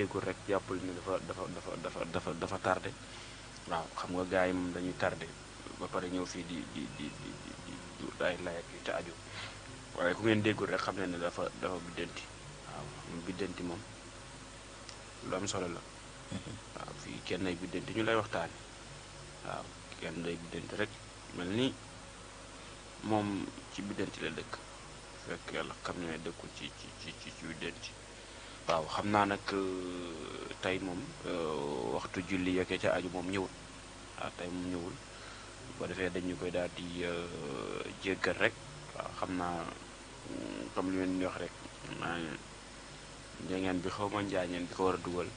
déggul rek jàppal ni dafa dafa dafa dafa dafa dafa tardé waaw xam nga gaa yi moom dañuy tarde ba pare ñëw fii di di di di di ay layak yu ca aju waaye ku ngeen déggul rek xam ne ni dafa dafa biddanti waaw biddanti moom lu am solo la waaw fii kenn ay biddanti ñu lay waxtaan waaw kenn day biddanti rek mel ni moom ci biddanti la dëkk fekk yàlla xam ne dëkkul ci ci ci ci biddanti waaw xam naa nag euh, tey moom euh, waxtu julli yeggee ca aju moom ñëwul waaw ah, tey moom ñëwul boo defee dañu koy daal di euh, jéggal rek waaw xam naa mm, comme li ngeen di wax rek maa bi xaw ma njaañeen bi ko war a dugal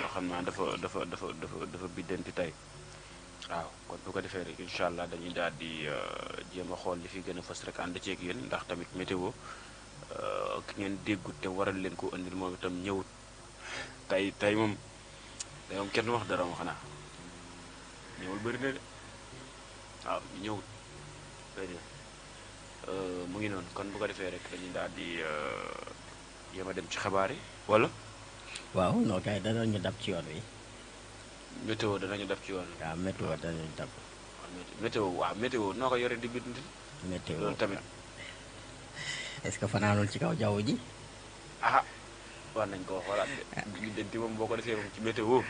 yoo xam naa dafa dafa dafa dafa dafa biddanti tey waaw kon bu ko defee rek incha allah dañuy daal di jéem a xool li fi gën a fës rek ànd ceeg yéen ndax tamit météo Euh, ak ngeen déggut te waral leen ko indil moom itam ñëwut tey tey moom tey moom kenn wax dara ma xanaa ñëwul bëri de waaw ñëwut bëri euh, mu ngi noonu kon bu ko defee rek dañuy daal di euh, yéem a dem ci xabaar yi wala. waaw non kay danañu dab ci yoon wi. météo danañu dab ci yoon wi. waaw météo danañu dab. météo waaw météo noo ko yore di bind. météo loolu tamit. est-ce que fanaanul ci kaw jaww ji. ah nañ koo xoolaat de. lijjanti ah. moom boo ko defee moom ci météo.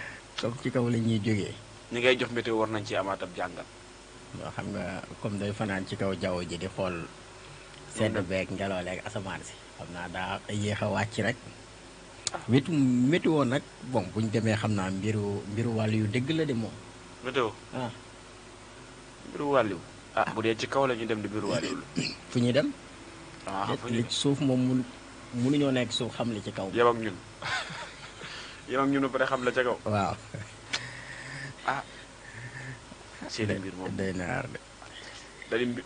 comme ci kaw la ñuy jógee. ñi ngay jox météo war nañ ci amaat ab jàngat. loo xam nga comme day fanaan ci kaw jaww ji di xool. sedd mm-hmm. beeg ngelaw leeg asamaan si. xam naa daa yéex a wàcc rek. wetu ah. météo nag bon bu ñu demee xam naa mbiru mbiru wàll yu dëgg la de moom. météo ah. mbiru wàll yu. ah bu dee ci kaw la ñu dem di mbiru wàll yu. fu ñuy dem. li ah, ci suuf moom mun munuñoo nekk suuf xam la ci kaw. yem ak ñun yem xam la ca kaw. waaw. Ah. mbir moom day naar de.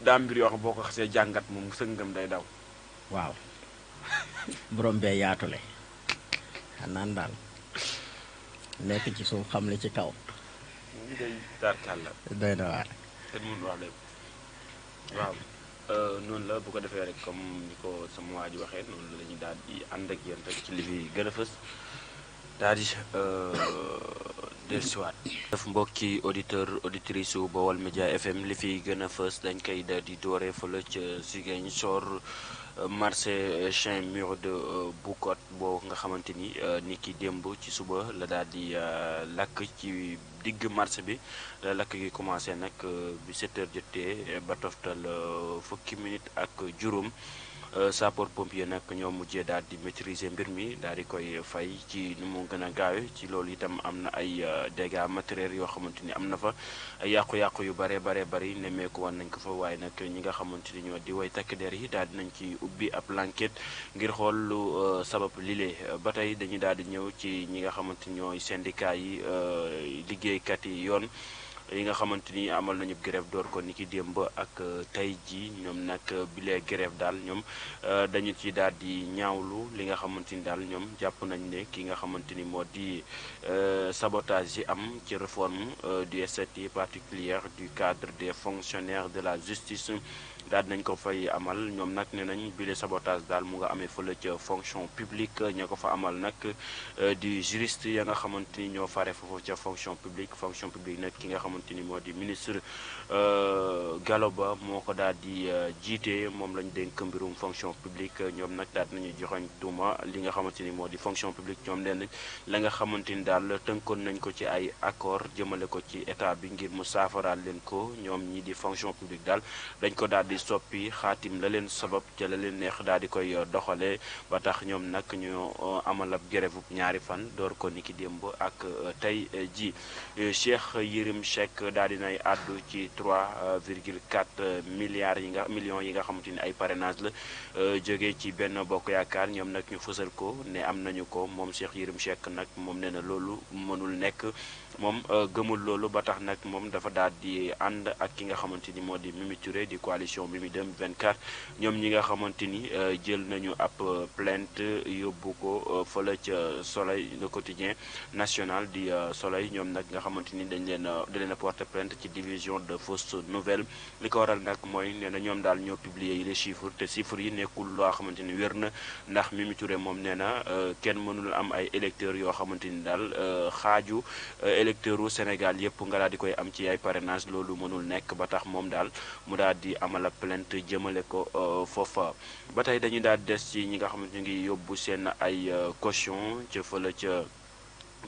daa mbir yoo boo ko xasee jàngat moom sëngam day daw. waaw. borom bee yaatule. xanaan daal nekk ci suuf xam li ci kaw. day tarkal la. day wax lépp waaw. Euh, noonu la bu ko defee rek comme ni ko sama waa ji waxee noonu la ñuy daal di ànd ak yéen rek ci li fi gën a fës daal di euh, dellusiwaat. def mbokki auditeur auditrice su Baol Média FM li fi gën a fës dañ koy daal di doore fële ca Ziguinchor euh, marché chin Mur de Boucotte boo nga xamante ni ni ki démb ci suba la daal di lakk ci. digg marché bi lakk gi commencé nag euh, bi 7 heures jotee ba toftal euh, fukki minutes ak juróom. Euh, sapeur pompier nag ñoo mujjee daal di maîtriser mbir mi daal di koy fay ci nu mu gën a gaawee ci loolu itam am na ay euh, dégâts matériels yoo xamante ni am na fa ay yàqu-yàqu yu bare bare bari nemmeeku woon nañ ko fa waaye nag ñi nga xamante ni ñoo di way takk der yi daal di ci ubbi ab enquête ngir xool lu euh, sabab lile ba tey dañu daal di ñëw ci ñi nga xamante ni ñooy syndicat yi liggéeykat yi yoon. yi nga xamante ni amal nañu grève door ko ni ki démb ak euh, tey jii ñoom nag euh, bilee grève daal ñoom euh, dañu ci daal di ñaawlu li nga xamante ni daal ñoom jàpp nañ ne ki nga xamante ni moo di sabotage yi am ci réforme du statut particulier du cadre des fonctionnaires de la justice daal nañ ko fay amal ñoom nag ne nañ bile sabotage daal mu nga amee fële ca fonction publique ña ko fa amal nag euh, di juriste ya nga xamante ni ñoo fare foofu ca fonction publique fonction publique nag ki nga xamante ni moo di ministre euh, Gallo Ba moo ko daal di euh, jiite moom lañ dénk mbirum fonction publique ñoom nag daal dinañu joxañ tuuma li nga xamante ni moo di fonction publique ñoom leen la nga xamante ni daal tënkoon nañ ko ci ay accord jëmale ko ci état bi ngir mu saafaraal leen ko ñoom ñi di fonction publique daal di soppi xaatim la leen sabab ca la leen neex daal di koy euh, doxalee ba tax ñoom nag ñu euh, amal ab grève ñaari fan door ko niki démb ak euh, tey ji Cheikh Yérim Seck daal dinay àddu ci 3 virgule 4 milliards yi nga millions yi nga xamante ni ay parrainage la jógee ci benn bokk yaakaar ñoom nag ñu fësal ko ne am nañu ko moom Cheikh Yérim Seck nag moom nee na loolu mënul nekk moom euh, gëmul loolu ba tax nag moom dafa daal di ànd ak ki nga xamante ni moo di Mimi Touré di coalition Mimi 2024 ñoom ñi nga xamante ni euh, jël nañu ab euh, plainte yóbbu ko fële ca Soleil le quotidien national di Soleil ñoom nag nga xamante ni dañ leen dañ leen a porter plainte ci division de fausses nouvelles li ko waral nag mooy nee ñoom daal ñoo publier yi les chiffres te chiffres yi nekkul loo xamante ni wér na ndax Mimi Touré moom nee na kenn mënul am ay électeurs yoo xamante ni daal xaaju électeurs u Sénégal yëpp nga daal di koy am ci ay parrainage loolu mënul nekk ba tax moom daal mu daal di amal ab plainte jëmale ko euh, foofa ba tey dañuy daal des ci ñi nga xam ñu ngi yóbbu seen ay euh, caution ca fële ca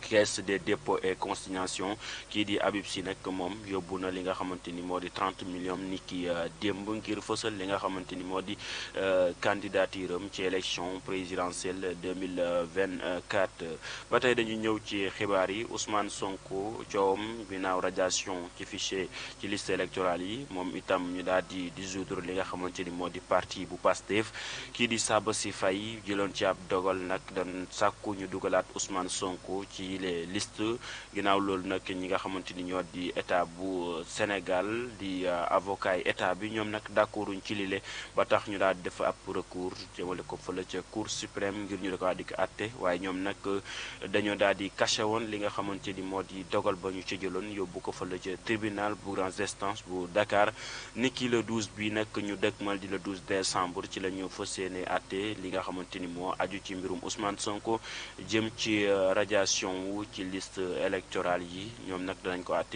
caisse des dépôts et consignation kii di Habib Sy nag moom yóbbu na li nga xamante ni moo di 30 million ni ki euh, démb ngir fësal li nga xamante ni moo di euh, candidature am ci élection présidentielle 2024 ba tey dañu ñëw ci xibaar yi Ousmane Sonko coowam ginnaaw radiation ci fichier ci liste électorale yi moom itam ñu daal di dissoudre li nga xamante ni moo di parti bu Pastef kii di si fay jëloon ci ab dogal nag doon sàkku ñu dugalaat Ousmane Sonko ci les listes ginnaaw loolu nag ñi nga xamante ni ñoo di état bu euh, Sénégal di euh, avocat yi état bi ñoom nag d'accorduñ ci lile ba tax ñu daal di def ab recours jëmale ko fële ca cour suprême ngir ñu da ko daal waaye ñoom nag euh, dañoo daal di caché woon li nga xamante ni moo di dogal ba ñu ci jëloon yóbbu ko fële ca tribunal bu grande instance bu Dakar niki le 12 bi nag ñu mal di le 12 décembre ci la ñu fas yéene àtte li nga xamante ni moo aju ci mbirum Ousmane Sonko jëm ci radiation inscription wu ci liste électorale yi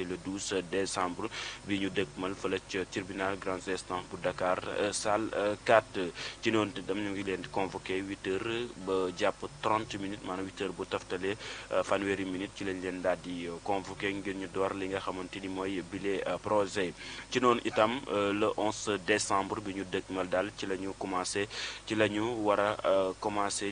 le 12 décembre bi ñu dëgmal fële ca tribunal grande instance bu Dakar euh, salle 4 euh, ci noonu itam ñu ngi leen di convoqué 8 heures ba jàpp 30 euh, daal di convoqué ngir ñu door li nga xamante mooy bile projet ci noonu itam le décembre bi ñu dëgmal daal ci la ñu commencé ci la ñu war a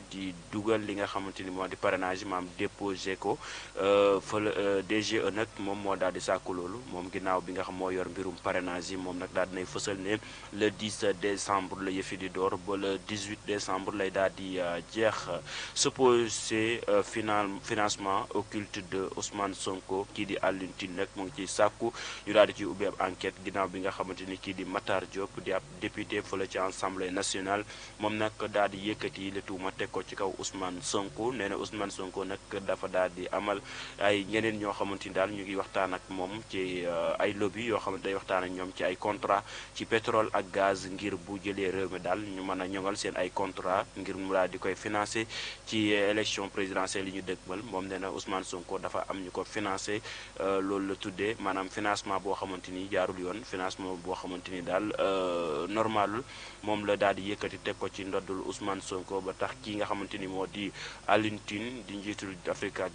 di dugal li nga xamante ni di parrainage maam déposé ko euh, fële euh, DGE nag moom moo daal di sàkku loolu moom ginnaaw bi nga xam moo yor mbirum parrainage yi moom nag daal nay fësal ne le 10 décembre la yëfi di door ba le 18 décembre lay daal di euh, jeex supposé final financement occulte de Ousmane Sonko kii di Alioune Tine nag mu ngi ciy sàkku ñu daal di ciy ubbi ab enquête ginnaaw bi nga xamante ni kii di Matar Diop di ab député fële ci Assemblée nationale moom nag daal di yëkkati le tuuma ko ci kaw Ousmane Sonko nee na Ousmane daal di amal ay ñeneen ñoo xamante ni daal ñu ngi waxtaan ak moom ci euh, ay lobby yoo xamante day waxtaan ak ñoom ci ay contra ci pétrole ak gaz ngir bu jëlee réew mi daal ñu man a ñoŋal seen ay contrat ngir mu daal di koy financé ci élection présidentielle yi ñu dëgmal moom nee na Ousmane Sonko dafa am ñu ko financé euh, loolu la tuddee maanaam financement boo xamante ni jaarul yoon financement boo xamante ni daal euh, normalul moom la daal di yëkkati teg ko ci ndoddul Ousmane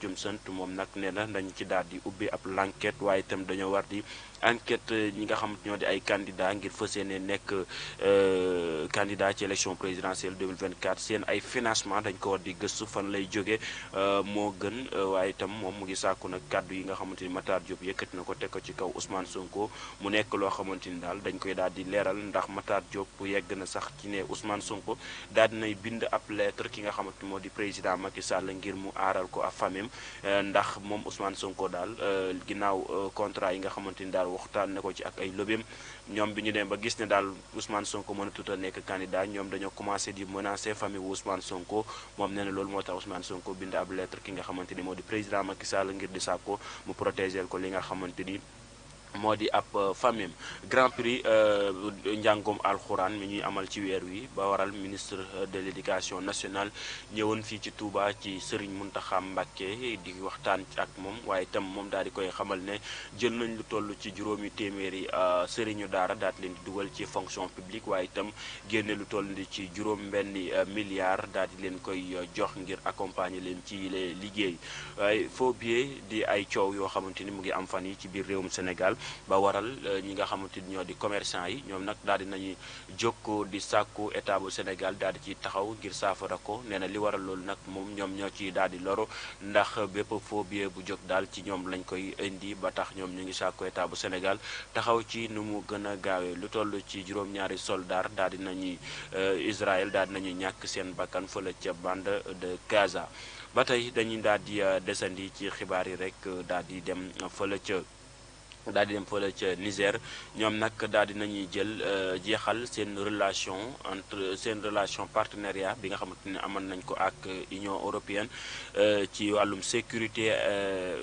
Jum Sant moom nag nee na dañu ci daal di ubbi ab lanket waaye itam dañoo war di enquête euh, ñi nga xamante ñoo di ay candidats ngir fa seenee nekk euh, candidat ci élection présidentielle 2024 seen ay financement dañ ko war di gëstu fan lay jóge euh, moo gën waaye itam moom mu ngi sàkku nag kàddu yi nga xamante ni Matar Diop yëkkati na ko teg ko ci kaw Ousmane Sonko mu nekk loo xamante ni daal dañ koy daal di leeral ndax Matar Diop yegg na sax ci ne Ousmane Sonko daal nay bind ab lettre ki nga xamante moo di président Macky Sall ngir mu aaral ko ak famem ndax moom Ousmane Sonko daal ginnaaw contrat yi nga xamante ni daal waxtaan na ko ci ak ay lobbyam ñoom bi ñu dem ba gis ne daal Ousmane Sonko mënatut a nekk candidat ñoom dañoo commencé di menacer famille wu Ousmane Sonko moom nee na loolu moo tax Ousmane Sonko bind ab lettre ki nga xamante ni moo di président ma Macky Sall ngir di saako mu protéger ko li nga xamante ni moo di ab euh, famille grand prix euh, njàngum alxuraan mi ñuy amal ci weer wi ba waral ministre euh, de l' éducation nationale ñëwoon fii ci Touba ci Serigne Mountakha Mbacké di waxtaan ak moom waaye itam moom daal di koy xamal ne jël nañ lu toll ci juróomi téeméeri sëriñu daara daal di leen di dugal ci fonction publique waaye itam génne lu toll ci juróom mbenn milliard daal di leen koy jox ngir accompagner leen ci liggéey waaye faux billets di ay coow yoo xamante ni mu ngi am fan ci biir réewum Sénégal ba waral euh, ñi nga xamante ni ñoo di commerçant yi ñoom nag daal di nañu jóg di sàkku état bu Sénégal daal di ci taxaw ngir saafara ko nee na li waral loolu nag moom ñoom ñoo ci daal di loru ndax bépp phobie bu jóg daal ci ñoom lañ koy indi ba tax ñoom ñu ngi sàkku état bu senegal taxaw ci nu mu gën a gaawee lu toll ci juróom-ñaari soldaar daal di nañuy euh, Israël daal di nañu ñàkk seen bakkan fële ca bande de Gaza ba tey dañuy daal di euh, desandi ci xibaar yi rek daal di dem fële ca. daal di dem fële ca Niger ñoom nag daal di nañuy jël euh, jeexal seen relation entre seen relation partenariat bi nga xamante ne amoon nañ ko ak euh, Union européenne euh, ci wàllum sécurité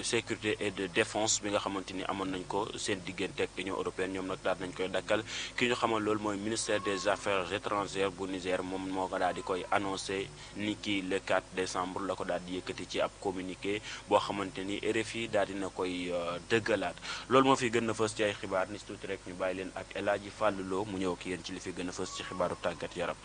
sécurité et de défense bi nga xamante ni amoon nañ ko seen diggante ak Union européenne ñoom nag daal di nañ koy dakkal ki ñu xamal loolu mooy ministère des affaires étrangères bu Niger moom moo ko daal di koy annoncé ni ki le 4 décembre la ko daal di yëkkati ci ab communiqué boo xamante ni RFI daal dina koy dëggalaat loolu loolu moo fi gën a fës ci ay xibaar ni si tuuti rek ñu bàyyi leen ak El Hadji Fallou Lo mu ñëw ak yéen ci li fi gën a fës ci xibaaru tàggat yaram.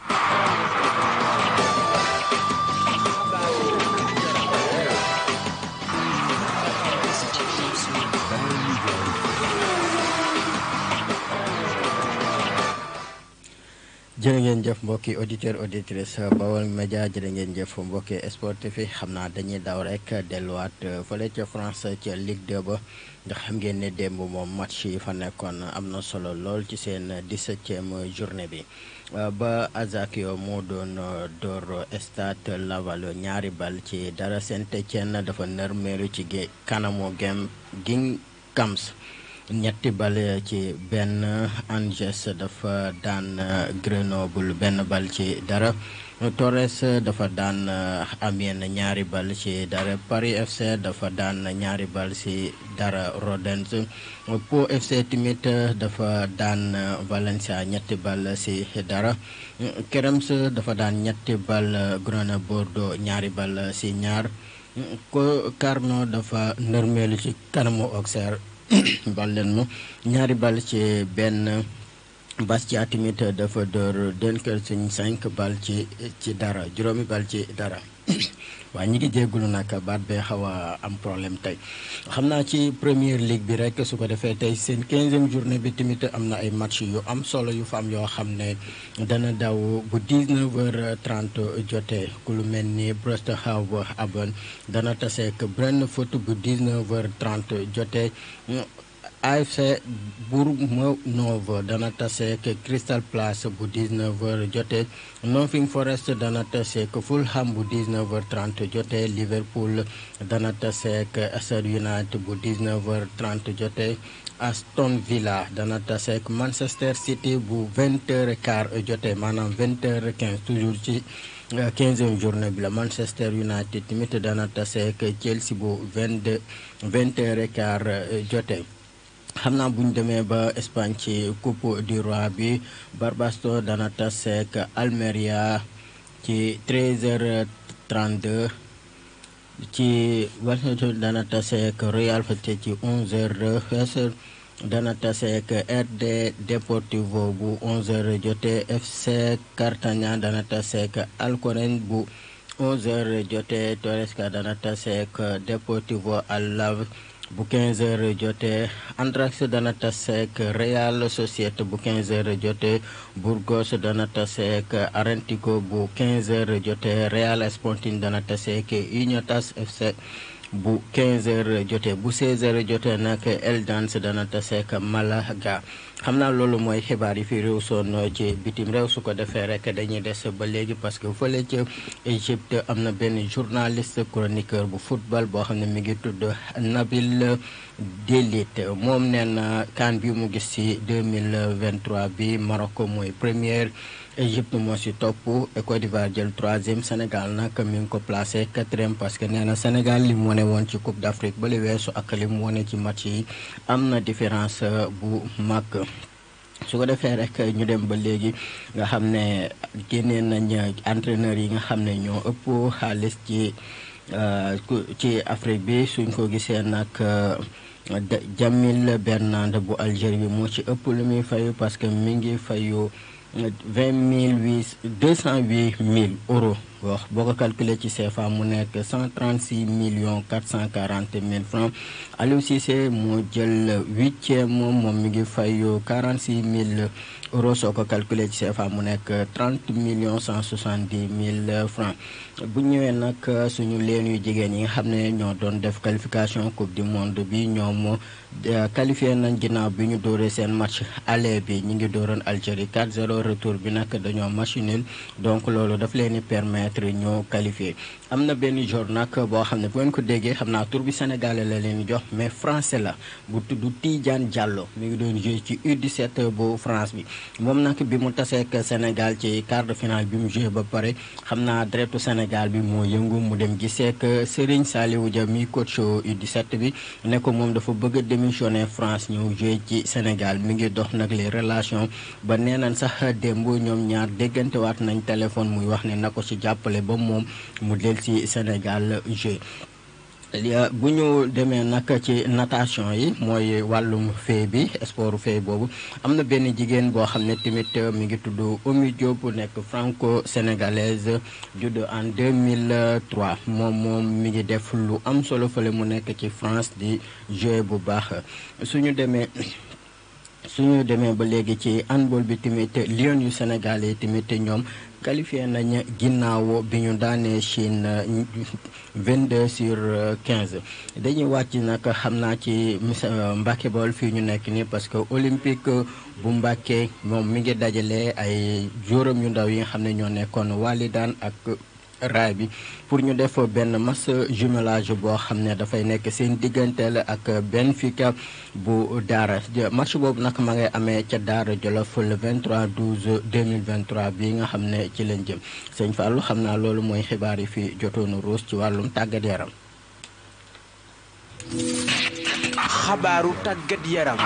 jërë ngeen jëf mbokki auditeur auditrice Baol Média jërë ngeen jëf mbokki sportif yi xam naa dañuy daw rek delluwaat euh, fale ca France ca Ligue 2 ba nga xam ngeen ne démb moom match yi fa nekkoon am na solo lool ci seen 17e journée bi euh, ba Ajaccio moo doon euh, door Stade Laval ñaari bal ci dara Saint-Étienne dafa nërmeelu ci kanamu game Guingamp ñetti bal ci benn Angers dafa daan Grenoble benn bal ci dara Torres dafa daan Amiens ñaari bal ci dara Paris FC dafa daan ñaari bal ci dara Rodez Pau FC tamit dafa daan Valencia ñetti bal ci dara Krems dafa daan ñetti bal Girona Bordeaux ñaari bal ci ñaar Concarneau dafa nërmeelu ci kanamu Auxerre bal leen ma ñaari bal ci benn ci tamit dafa door Dunkerque 5 bal ci ci dara juróomi bal ci dara waaye ñi ngi jéggulu nag baat bee xaw a am problème tey xam naa ci première ligue bi rek su ko defee tey seen quinzième journée bi tamit am na ay match yu am solo yu fa yoo xam ne dana daw bu 19 heures 30 jotee ku lu mel ni Brest Hove Albion dana taseek Brentford bu 19 heures 30 jotee AFC Bournemouth dana taseek Crystal Palace bu 19h jotee Nottingham Forest dana taseek Fulham bu 19h30 jotee Liverpool dana taseek Aston United bu 19h30 jotee Aston Villa dana taseek Manchester City bu 20h15 jotee maanaam 20 h toujours ci. Euh, quinzième journée bi la Manchester United tamit dana taseek Chelsea bu vingt deux vingt heures et quart euh, jotee. xam naa bu demee ba Espagne ci coupe du roi bi Barbastro dana taseek Almeria ci 13h32 ci Valencia dana taseek Real Betis ci 11h dana taseek RD Deportivo bu 11 jotee FC Cartagena dana taseek Alcorcón bu 11h jotee Torresca dana taseek Deportivo Alavés bu 15 heures jotee Anthrax dana taseek Real Sociedad bu 15 heures jotee Burgos dana taseek Arenteiro bu 15 heures jotee Real Sporting dana taseek Unión FC bu 15h jotee bu 16h jotee nag Eldance dana taseek Malaga xam naa loolu mooy xibaar yi fi réew soon ci bitim réew su ko defee rek dañuy des ba léegi parce que fële ca Égypte am na benn journaliste chroniqueur bu football boo xam ne mi ngi tudd Nabil Delite moom nee na kan bi mu gis ci 2023 bi Maroc mooy première. Égypte moo si topp Côte d'Ivoire jël troisième Sénégal nag mi ngi ko placé quatrième parce que nee na Sénégal lim mu wane woon ci Coupe d'Afrique ba li weesu ak li mu wane ci match yi am na différence euh, bu mag. su ko defee rek ñu dem ba léegi nga xam ne génnee nañ entraîneur yi nga xam ne ñoo ëpp xaalis ci euh, ci Afrique bi suñ ko gisee nag. Euh, Jamil Bernard bu Algérie bi moo ci ëpp lu muy fayu parce que mi ngi fayu vingt mille huit deux cent huit mille euros wax boo ko calculer ci CFA mu nekk cent trente six million quatre cent quarante mille francs Aliou Cissé moo jël huitième moom mi ngi fayoo quarante six mille euro soo ko calculer ci CFA mu nekk trente millions cent soixante dix mille francs bu ñëwee nag euh, suñu leen yu jigéen yi nga xam ne ñoo doon def qualification coupe du monde bi ñoom euh, qualifié nañ ginnaaw bi ñu dooree seen match aller bi ñu ngi dóoroon Algérie 4-0 retour bi nag dañoo machine nul donc loolu daf leen di permettre ñu qualifié am na benn jour nag boo xam ne bu ngeen ko déggee xam naa tur bi sénégalais la leen jox mais français la bu tudd Tidiane Diallo mi ngi doon joué ci U17 bu France bi. moom nag bi mu tasee taseek Sénégal ci quart de finale bi mu joué ba pare xam naa deretu Sénégal bi moo yëngu mu dem giseek Serigne Saliou Dia mi coach U17 bi ne ko moom dafa bëgg a France ñëw joué ci Sénégal mi ngi dox nag les relation ba nee nañ sax démb ñoom ñaar déggantewaat nañ téléphone muy wax ne na ko ci jàppale ba moom mu del si Sénégal joué bu ñu demee nag ci natation yi mooy wàllum fee bi sport fee boobu am na benn jigéen boo xam ne tamit uh, mi ngi tudd Oumy bu nekk franco sénégalaise judd en 2003 moom moom mi ngi def lu am solo fële mu nekk ci France di jouer bu baax suñu demee suñu demee ba léegi ci handball bi tamit Lions yu Sénégal yi ñoom qualifié nañ ginnaaw bi ñu daanee Chine 22 euh, sur 15 euh, dañuy wàcc nag xam naa ci euh, Mbacke Bawol fii ñu nekk nii parce que olympique bu Mbacke moom mi ngi dajale ay juróom yu ndaw yi nga xam ne ñoo nekkoon Walidaan ak. raay bi pour ñu def benn masse jumelage boo xam ne dafay nekk seen digganteel ak Benfica bu Daara match boobu nag ma ngay amee ca Daara Jolof le 23 12 2023 bi nga xam ne ci leen jëm sëñ Fallou xam naa loolu mooy xibaar yi fi jotoonu ruus ci wàllum tàggat yaram. tàggat yaram.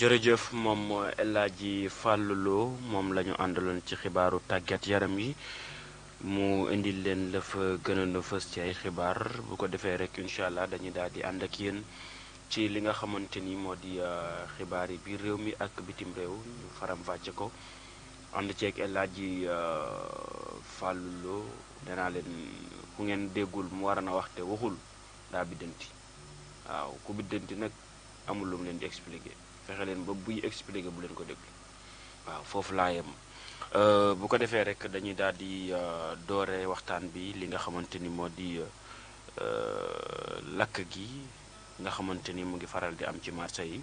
jërëjëf moom moo Hadji Fallou Lo moom la ñu àndaloon ci xibaaru tàggat yaram yi mu indil leen la fa gënoon fës ci ay xibaar bu ko defee rek incha allah dañuy daal di ànd ak yéen ci li nga xamante ni moo di euh, xibaar yi biir réew mi ak bitim réew ñu faram wàcce ko ànd ceeg El Hadji euh, Fallou Lo leen ku ngeen déggul mu war na wax te waxul daa biddanti waaw ku biddanti nag amul lu mu leen di expliquer. fexe leen ba buy expliqué bu leen ko déglu waaw foofu laa yem euh, bu ko defee rek dañuy daal di euh, doore waxtaan bi li nga xamante ni moo di euh, lakk gi nga xamante ni mu ngi faral di am ci marché yi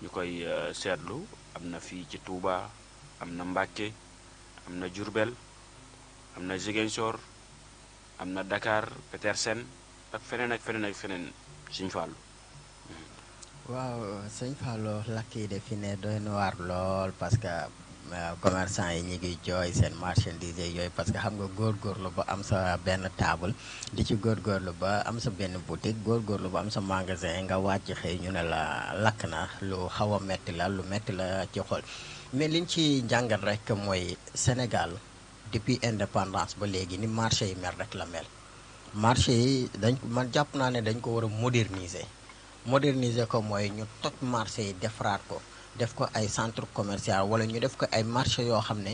ñu koy seetlu am na fii ci Touba am na Mbacké am na jurbel am na Ziguinchor am na Dakar Petersen ak feneen ak feneen ak feneen Sëñ Fallu waaw sëñ Fallou lakk yi de fi ne doy na waar lool parce que euh, commerçant yi ñu ngi jooy seen marchandise yi yooyu parce que xam nga góor góorlu ba am sa benn table di ci góor góorlu ba am sa benn góor góorlu ba am sa magasin nga wàcc xëy ñu ne la lakk na lu xaw a metti la lu metti la ci xol mais liñ ci jàngat rek mooy Sénégal depuis indépendance ba léegi ni marché yi mel rek la mel marché yi dañ ko man jàpp naa ne dañ ko war a moderniser moderniser ko mooy ñu toj marché yi defaraat ko def ko ay centre commercial wala ñu def ko ay marché yoo xam ne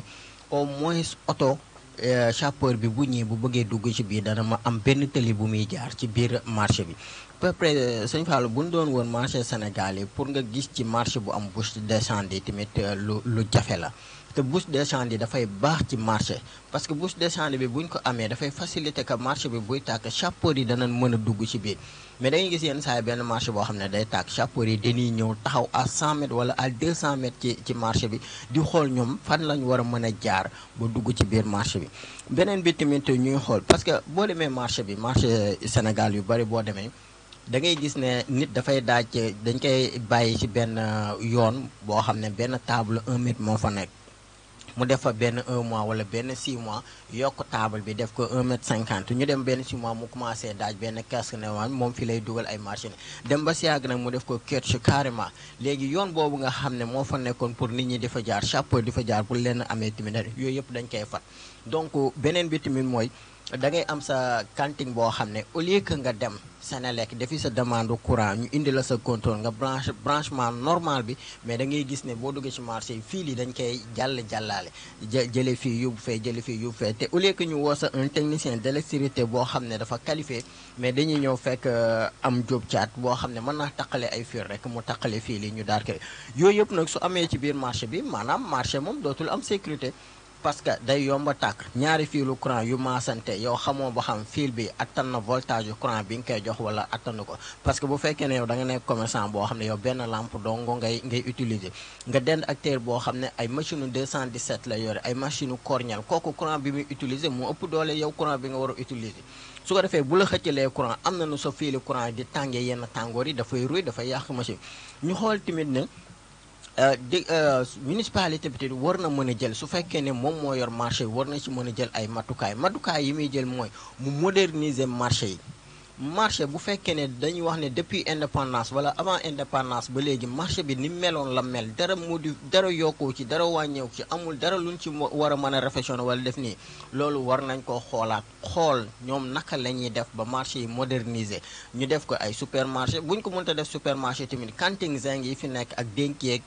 au moins oto euh, chauffeur bi bu ñëwee bu bëggee dugg ci biir dana ma am benn tëli bu muy jaar ci biir marché bi peu près euh, sëñ Fallou bu ñu doon woon marché Sénégal yi pour nga gis ci marché bu am bouche d'incendie tamit euh, lu lu jafe la te chande yi dafay baax ci marché parce que bouche d'échange bi buñ ko amee dafay faciliter que marché bi buy tàkk chapeau yi danañ mën a dugg ci biir mais da gis yenn saa benn marché boo xam ne day tàkk chapeau yi dañuy ñëw taxaw a 100 mètres wala à 200 mètres ci ci marché bi di xool ñoom fan lañ war a mën a jaar bu dugg ci biir marché bi beneen bi tamit ñuy xool parce que boo demee marché bi marché Sénégal yu bari boo demee da ngay gis ne nit dafay daaj dañ koy bàyyi ci benn euh, yoon boo xam ne benn table 1 moo fa nekk mu def fa benn un mois wala benn six mois yokk taabal bi def ko un mètre cinquante ñu dem benn six mois mu commencé daaj benn casque ne waan moom fi lay dugal ay marché dem ba si yàgg nag mu def ko kerche carrément léegi yoon boobu nga xam ne moo fa nekkoon pour nit ñi di fa jaar chapeau di fa jaar pour leen amee tamit yooyu yëpp dañ koy fat donc beneen bi tamit mooy da ngay am sa cantine boo xam ne au lieu que nga dem. lekk defi sa demande courant ñu indi la sa contrôle nga branche branchement normal bi mais da ngay gis ne boo duggee ci marché yi fii lii dañ koy jàll jàllaale jële fii yóbbu fee jële fii yóbbu fee te au lieu que ñu woo sa un technicien d'électricité boo xam ne dafa qualifié mais dañuy ñëw fekk euh, am jóob caat boo xam ne mën naa taqale ay fiir rek mu taqale fii lii ñu daar koy yooyu yëpp nag su amee ci biir marché bi maanaam marché moom dootul am sécurité parce que day yomba tàkk ñaari fiilu courant yu maasante yow xamoo ba xam fiil bi attan na voltage yu courant bi nga koy jox wala attanu ko parce que bu fekkee ne yow da nga nekk commerçant boo xam ne yow benn lampe dong ngay ngay utiliser nga dend acteur boo xam ne ay machine 217 la yore ay machine korñal kooku courant bi muy utiliser mu ëpp doole yow courant bi nga war a su ko defee bu la xëccalee courant am na nu sa fiili courant di tàngee yenn tàngoor yi dafay ruy dafay yàq machine ñu xool Euh, di euh, municipalité bi tamit war na mën a jël su fekkee ne moom moo yor marché yi war na ci mën a jël ay matukaay matukaay yi muy jël mooy mu moderniser marché yi marché bu fekkee ne dañuy wax ne depuis indépendance wala avant indépendance ba léegi marché bi ni meloon la mel dara modi dara yokku ci dara wàññeeku ci amul dara luñ ci war a mën a réfectionné wala def nii loolu war nañ ko xoolaat xool ñoom naka la ñuy def ba marché yi moderniser ñu def ko ay supermarché buñ ko mënta def supermarché tamit kanting zing yi fi nekk ak dénk yeeg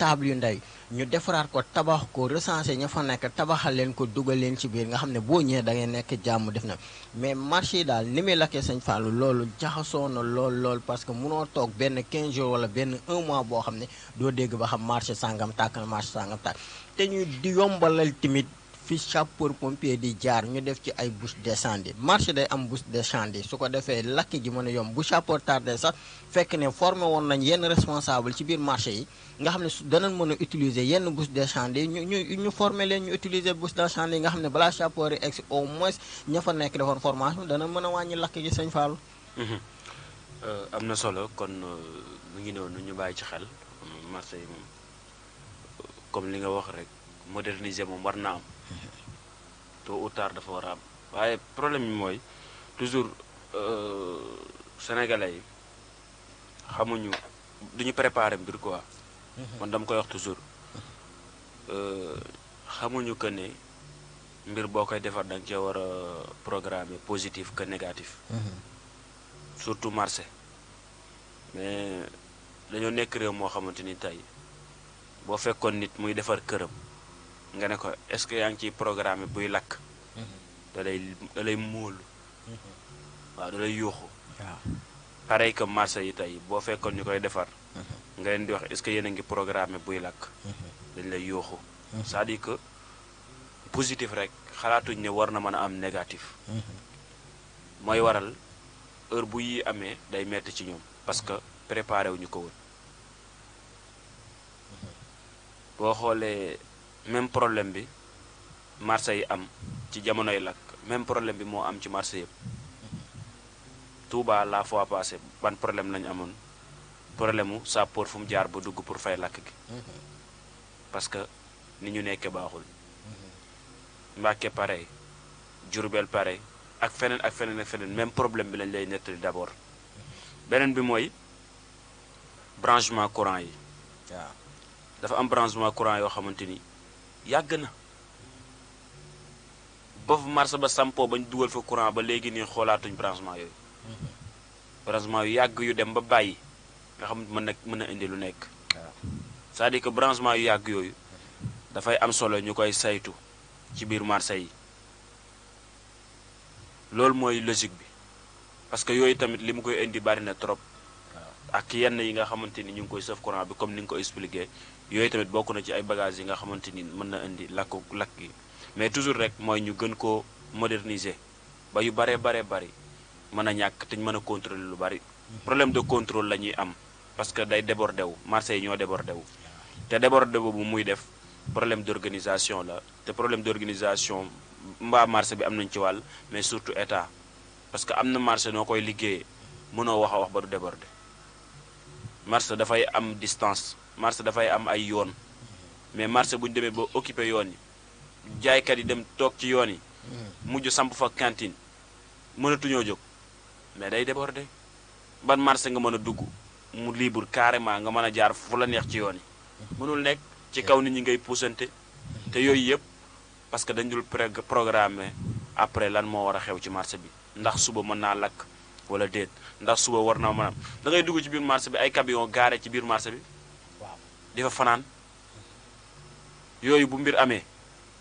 table yu ndaw ñu defaraat ko tabax ko recensé ña fa nekk tabaxal leen ko dugal leen ci biir nga xam ne boo ñëwee da ngay nekk jàmm def na mais marché yi daal ni muy lakkee sañ fàllu loolu jaxasoo na lool lool parce que munoo toog benn 15 jours wala benn un mois boo xam ne doo dégg ba xam marché sàngam tàkk na marché sàngam tàkk te ñu di yombalal timit fi sapeur pompier di jaar ñu def ci ay bouche d'incendie marché day am bouche d'incendie su ko defee lakk ji mën a yomb bu sapeur tardé sax fekk ne formé woon nañ yenn responsable ci biir marché yi nga xam ne su danañ mën a utiliser yenn bouche d'incendie ñu ñu ñu former leen ñu utiliser bouche d'incendie yi nga xam ne balaa sapeur yi ex au moins ña fa nekk defoon formation dana mën a wàññi lakk ji sëñ Fall. Mhm. Euh, am na solo kon euh, mu ngi noonu ñu bàyyi ci xel marché yi moom comme li nga wax rek moderniser tôt ou tard dafa war a am waaye problème bi mooy toujours euh, sénégalais yi xamuñu duñu préparer mbir quoi. Mhm. man dama koy wax toujours mhm. euh, xamuñu que ne mbir boo koy defar da nga cee war a programmer positif que négatif. Mhm. surtout marché. mais dañoo nekk réew moo xamante ni tey boo fekkoon nit muy defar këram. nga ne ko est-ce que yaa ngi ciy programme buy lakk. Mhm. da lay da mhm. waaw da yuuxu. waaw pareil que marché yi tey boo fekkoon ñu koy defar. Mhm. nga leen di wax est-ce que yéen a ngi programme buy lakk. dañ lay yuuxu. cest di dire que positif rek xalaatuñ ne war na mën a am négatif. mooy waral heure bu yi amee day metti ci ñoom parce que préparé wuñu ko woon. boo xoolee. même problème bi marché yi am ci jamonoy lakk même problème bi moo am ci marché yëpp Touba la fois passée ban problème lañu amoon problème mu sapeur fu mu jaar ba dugg pour fay lakk gi parce que ni ñu nekkee baaxul Mbàkke pareil Jurbel pareil ak feneen ak feneen ak feneen même problème bi lañ lay nettali d'abord beneen bi mooy branchement courant yi waaw dafa am branchement courant yoo xamante ni yàgg na boofu marché ba sampoo bañ dugal fa courant ba léegi nii xoolaatuñ branchement yooyu mhm. branchement yu yàgg yu dem ba bàyyi nga xam mën na mën a indi lu nekk cest à que branchement yu yàgg yooyu dafay am solo ñu koy saytu ci biir marché yi loolu mooy logique bi parce que yooyu tamit li mu koy indi bari na trop ak yenn yi nga xamante ni ñu ngi koy sëf courant bi comme ni nga ko expliqué yooyu tamit bokk na ci ay bagages yi nga xamante ni mën na indi lakku lakk gi mais toujours rek mooy ñu gën koo moderniser ba yu baree baree bari mën a ñàkk te mën a contrôler lu bari problème de contrôle la ñuy am parce que day débordé wu marché yi ñoo débordé wu te débordé boobu muy def problème d'organisation la te problème d'organisation mbaa marché bi am nañ ci wàll mais surtout état parce que am na marché noo koy liggéeye mënoo wax a wax ba du déborder marché dafay am ay yoon mais marché bu ñu demee ba occupé yoon yi jaaykat yi dem toog ci yoon yi mujj samp fa cantine mënatuñoo jóg mais day débordé ban marché nga mën a dugg mu libre carrément nga mën a jaar fu la neex ci yoon yi mënul nekk ci kaw nit ñi ngay puusante te yooyu yëpp parce que dañ dul programme après lan moo war a xew ci marché bi ndax suba mën naa lakk wala déet ndax suba war naa mën a da dugg ci biir marché bi ay camion gaare ci biir marché bi di fa fanaan yooyu bu mbir amee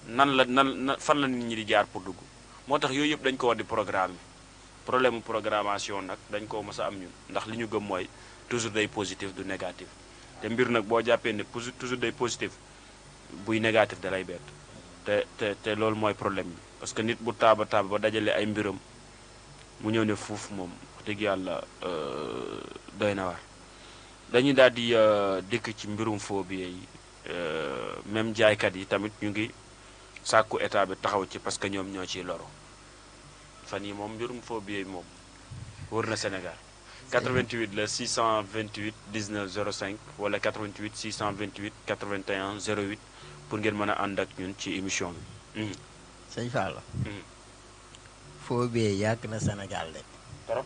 nan la nan fan la nit ñi di jaar pour dugg moo tax yooyu yëpp dañ ko war di programme problème mu programmation nag dañ ko mës a am ñun ndax li ñu gëm mooy toujours day positif du négatif te mbir nag boo jàppee ne toujours day positif buy négatif dalay lay te te te loolu mooy problème bi parce que nit bu taaba taaba ba dajale ay mbiram mu ñëw ne fuuf moom wax yàlla euh, doy na war dañuy daal di euh, dikk ci mbirum phobie yi euh, même jaaykat yi tamit ñu ngi sàkku état bi taxaw ci parce que ñoom ñoo ciy loro fan yi moom mbirum phobie yi moom wër na Sénégal 88 la 628 19 05 wala 88 628 81 08 pour ngeen mën a ànd ak ñun ci émission bi. sëñ Fallou. yàgg na Sénégal de. trop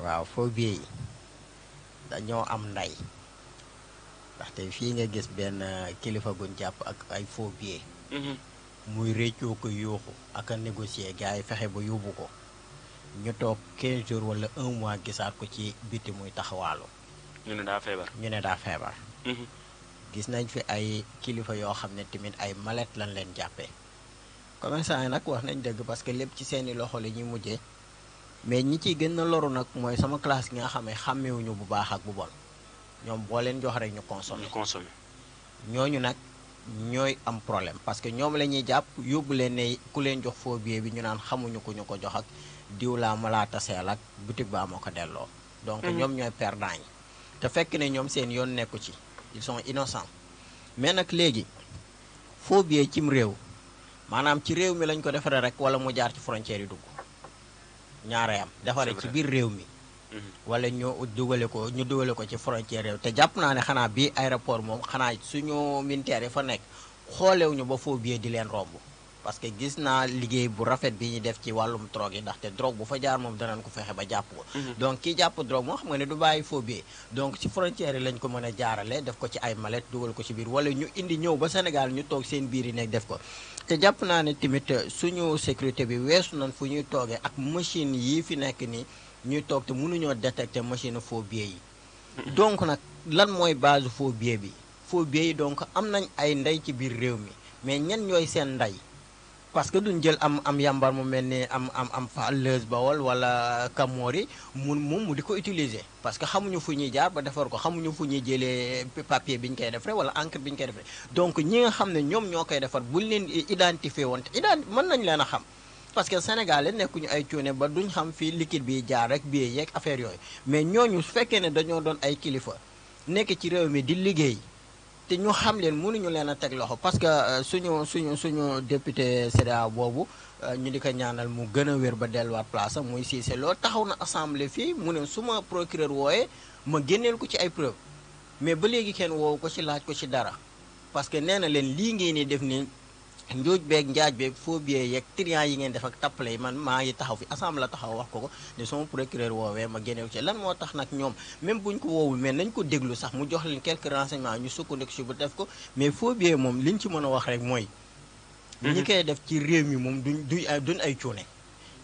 waaw phobie yi. dañoo am nday ndaxte fii nga gis benn kilifa guñ jàpp ak ay faux mhm. muy réccoo ko yooxu ak a négocier gars yi fexe ba yóbbu ko ñu toog 15 jours wala mois gisaat ko ci biti muy taxawaalu. ñu ne daa feebar ñu ne daa feebar. Mhm. gis nañ fi ay kilifa yoo xam ne tamit ay malet lañ leen jàppee commerçant yi nag wax nañ dëgg parce que lépp ci seeni loxo la ñuy mujjee. mais ñi ciy gën a loru nag mooy sama classe gi nga xam ne xàmmewuñu bu baax ak bu bon ñoom boo leen jox rek ñu consommé. ñu consommé ñooñu nag ñooy am problème parce que ñoom lañuy jàpp yóbbu leen ne ku leen jox faux billet bi ñu naan xamuñu ko ñu ko jox ak diw laa ma laa taseel ak boutique baa moo ko delloo. donc mhm. ñoom ñooy perdant yi te fekk ne ñoom seen yoon nekku ci ils sont innocents mais nag léegi faux cim réew maanaam ci réew mi lañ ko defaree rek wala mu jaar ci frontière yi dugg. ñaare am defaree ci biir réew mi mm-hmm. wala ñoo dugale ko ñu dugale ko ci frontière réew te jàpp naa ne xanaa bii aéroport moom xanaa suñu militaire yi fa nekk xoolewuñu ba foo biyee di leen romb parce que gis naa liggéey bu rafet bi ñu def ci wàllum drogue yi ndaxte drogue bu fa jaar moom danañ ko fexe ba jàpp ko mhm. donc ki jàpp drogue moo xam nga ne du bàyyi phobie donc ci frontière yi lañ ko mën a jaarale def ko ci ay mallette dugal ko ci biir wala ñu indi ñëw ba Sénégal ñu toog seen biir yi nekk def ko te jàpp naa ne tamit suñu sécurité bi weesu nañ fu ñuy toogee ak machine yii fi nekk nii ñuy toog te mënuñoo détecter machine phobie yi mhm. donc nag lan mooy base phobie bi phobie donc am nañ ay ndey ci biir réew mi mais ñan ñooy seen ndey parce que duñ jël am am yàmbar mu mel ni am am am Leuz Baol wala Kamoori mun moom mu di ko utiliser parce que xamuñu fu ñuy jaar ba defar ko xamuñu fu ñuy jëlee papier bi ñu koy defaree wala encre bi ñu koy defaree donc ñi nga xam ne ñoom ñoo koy defar buñ leen identifier woon te identi man nañ leen a xam parce que sénégalais nekkuñu ay cuune ba duñ xam fi liquide bi jaar rek bii yeeg affaire yooyu mais ñooñu su fekkee ne dañoo doon ay kilifa nekk ci réew mi di liggéey. te ñu xam leen mënuñu leen a teg loxo parce que euh, suñu suñu suñu député CEDEAO boobu euh, ñu di ko ñaanal mu gën a wér ba delluwaat place am muy Cissé loo taxaw na assemblée fii mu ne suma ma procureur wooyee ma génneel ko ci ay preuve mais ba léegi kenn woowu ko ci laaj ko ci dara parce que nee leen lii ngeen di def nii. njuuj beeg njaaj beeg faux billets yeeg triant yi ngeen def ak tappale yi man maa ngi taxaw fi assemblée taxaw wax ko ko ne sama procureur woowee ma génnew ci lan moo tax nag ñoom même buñ ko woowul mais nañ ko déglu sax mu jox leen quelques renseignements ñu sukkandiku si bu def ko mais faux billets moom liñ ci mën a wax rek mooy ñi mhm. koy def ci réew mi moom duñ duñ duñ ay cuune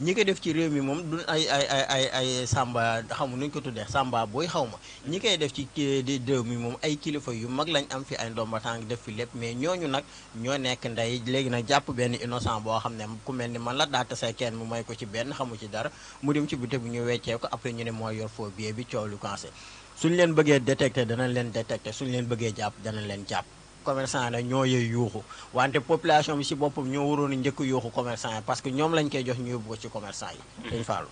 ñi koy def ci réew mi moom du ay ay ay ay ay samba xamu nuñ ko tuddee samba booy xaw ma ñi koy def ci réew mi moom ay kilifa yu mag lañ am fi ay ndomba tànk def fi lépp mais ñooñu nag ñoo nekk ndey léegi nag jàpp benn innocent boo xam ne ku mel ni man la daa tase kenn mu may ko ci benn xamu ci dara mu dem ci bute bu ñu weccee ko après ñu ne mooy yor foo bie bi coow lu cancer suñ leen bëggee détecté danañ leen détecté suñ leen bëggee jàpp danañ leen jàpp commerçant la ñoo yey yuuxu wante population bi si boppam ñoo waroon a njëkk yuuxu commerçant yi parce que ñoom lañ koy jox ñu yóbbu ko ci commerçant yi dañ mm-hmm.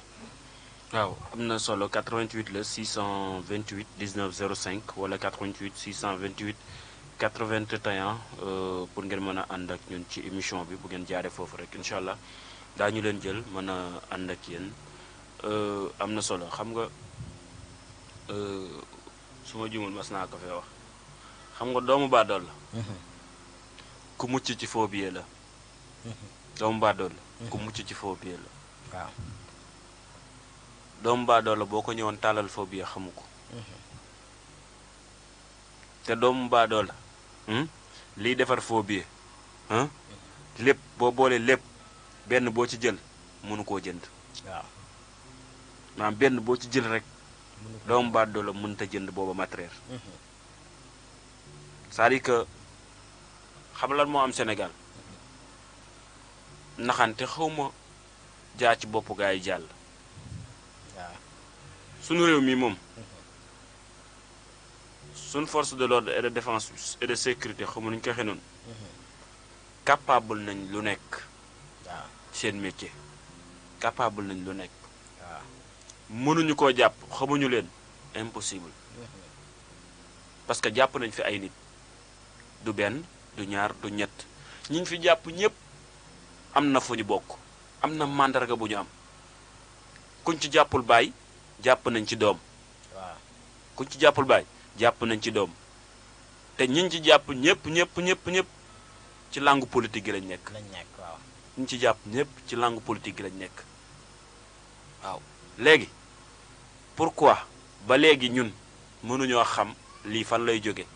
waaw am na solo 88 la 628 19 05 wala 88 628 81 pour ngeen mën a ànd ak ñun ci émission bi bu ngeen jaaree foofu rek incha allah ñu leen jël mën a ànd ak yéen euh, am na solo xam nga euh, su ma juumul mas naa ko fee wax xam nga doomu baadool la mhm. ku mucc ci faux la doomu baadool la mhm. mucc ci faux la waaw la boo ko ñëwoon tàllal faux billet xamu ko mhm. te doomu baadoo la hmm? liy defar faux billet hmm? lépp boo boolee lépp benn boo ci jël mënu koo jënd waaw benn boo ci jël rek doomu baadoo la mënta jënd booba matériel c'est-à-dire que xam lan moo am Sénégal naxante xawma jaar ci bopp gaa yi jàll waaw sunu réew mii moom mhm. sun force de l'ordre et de défense et de sécurité xamu ñu ko waxee noonu mhm. capable nañ lu nekk seen métier capable nañ lu nekk mënuñu koo jàpp xamuñu leen impossible mhm. parce que jàpp nañ fi ay nit du benn du ñaar du ñett ñi fi jàpp ñépp am na fu ñu bokk am na màndarga bu ñu am kuñ ci jàppul baay jàpp nañ ci doom waaw ci jàppul baay jàpp nañ ci doom te ñiñ ci jàpp ñépp ñépp ñépp ñépp ci langue politique gi lañ nekk. lañ nekk waaw ñi jàpp ñépp ci langue politique gi nekk waaw léegi pourquoi ba léegi ñun mënuñoo xam lii fan lay jóge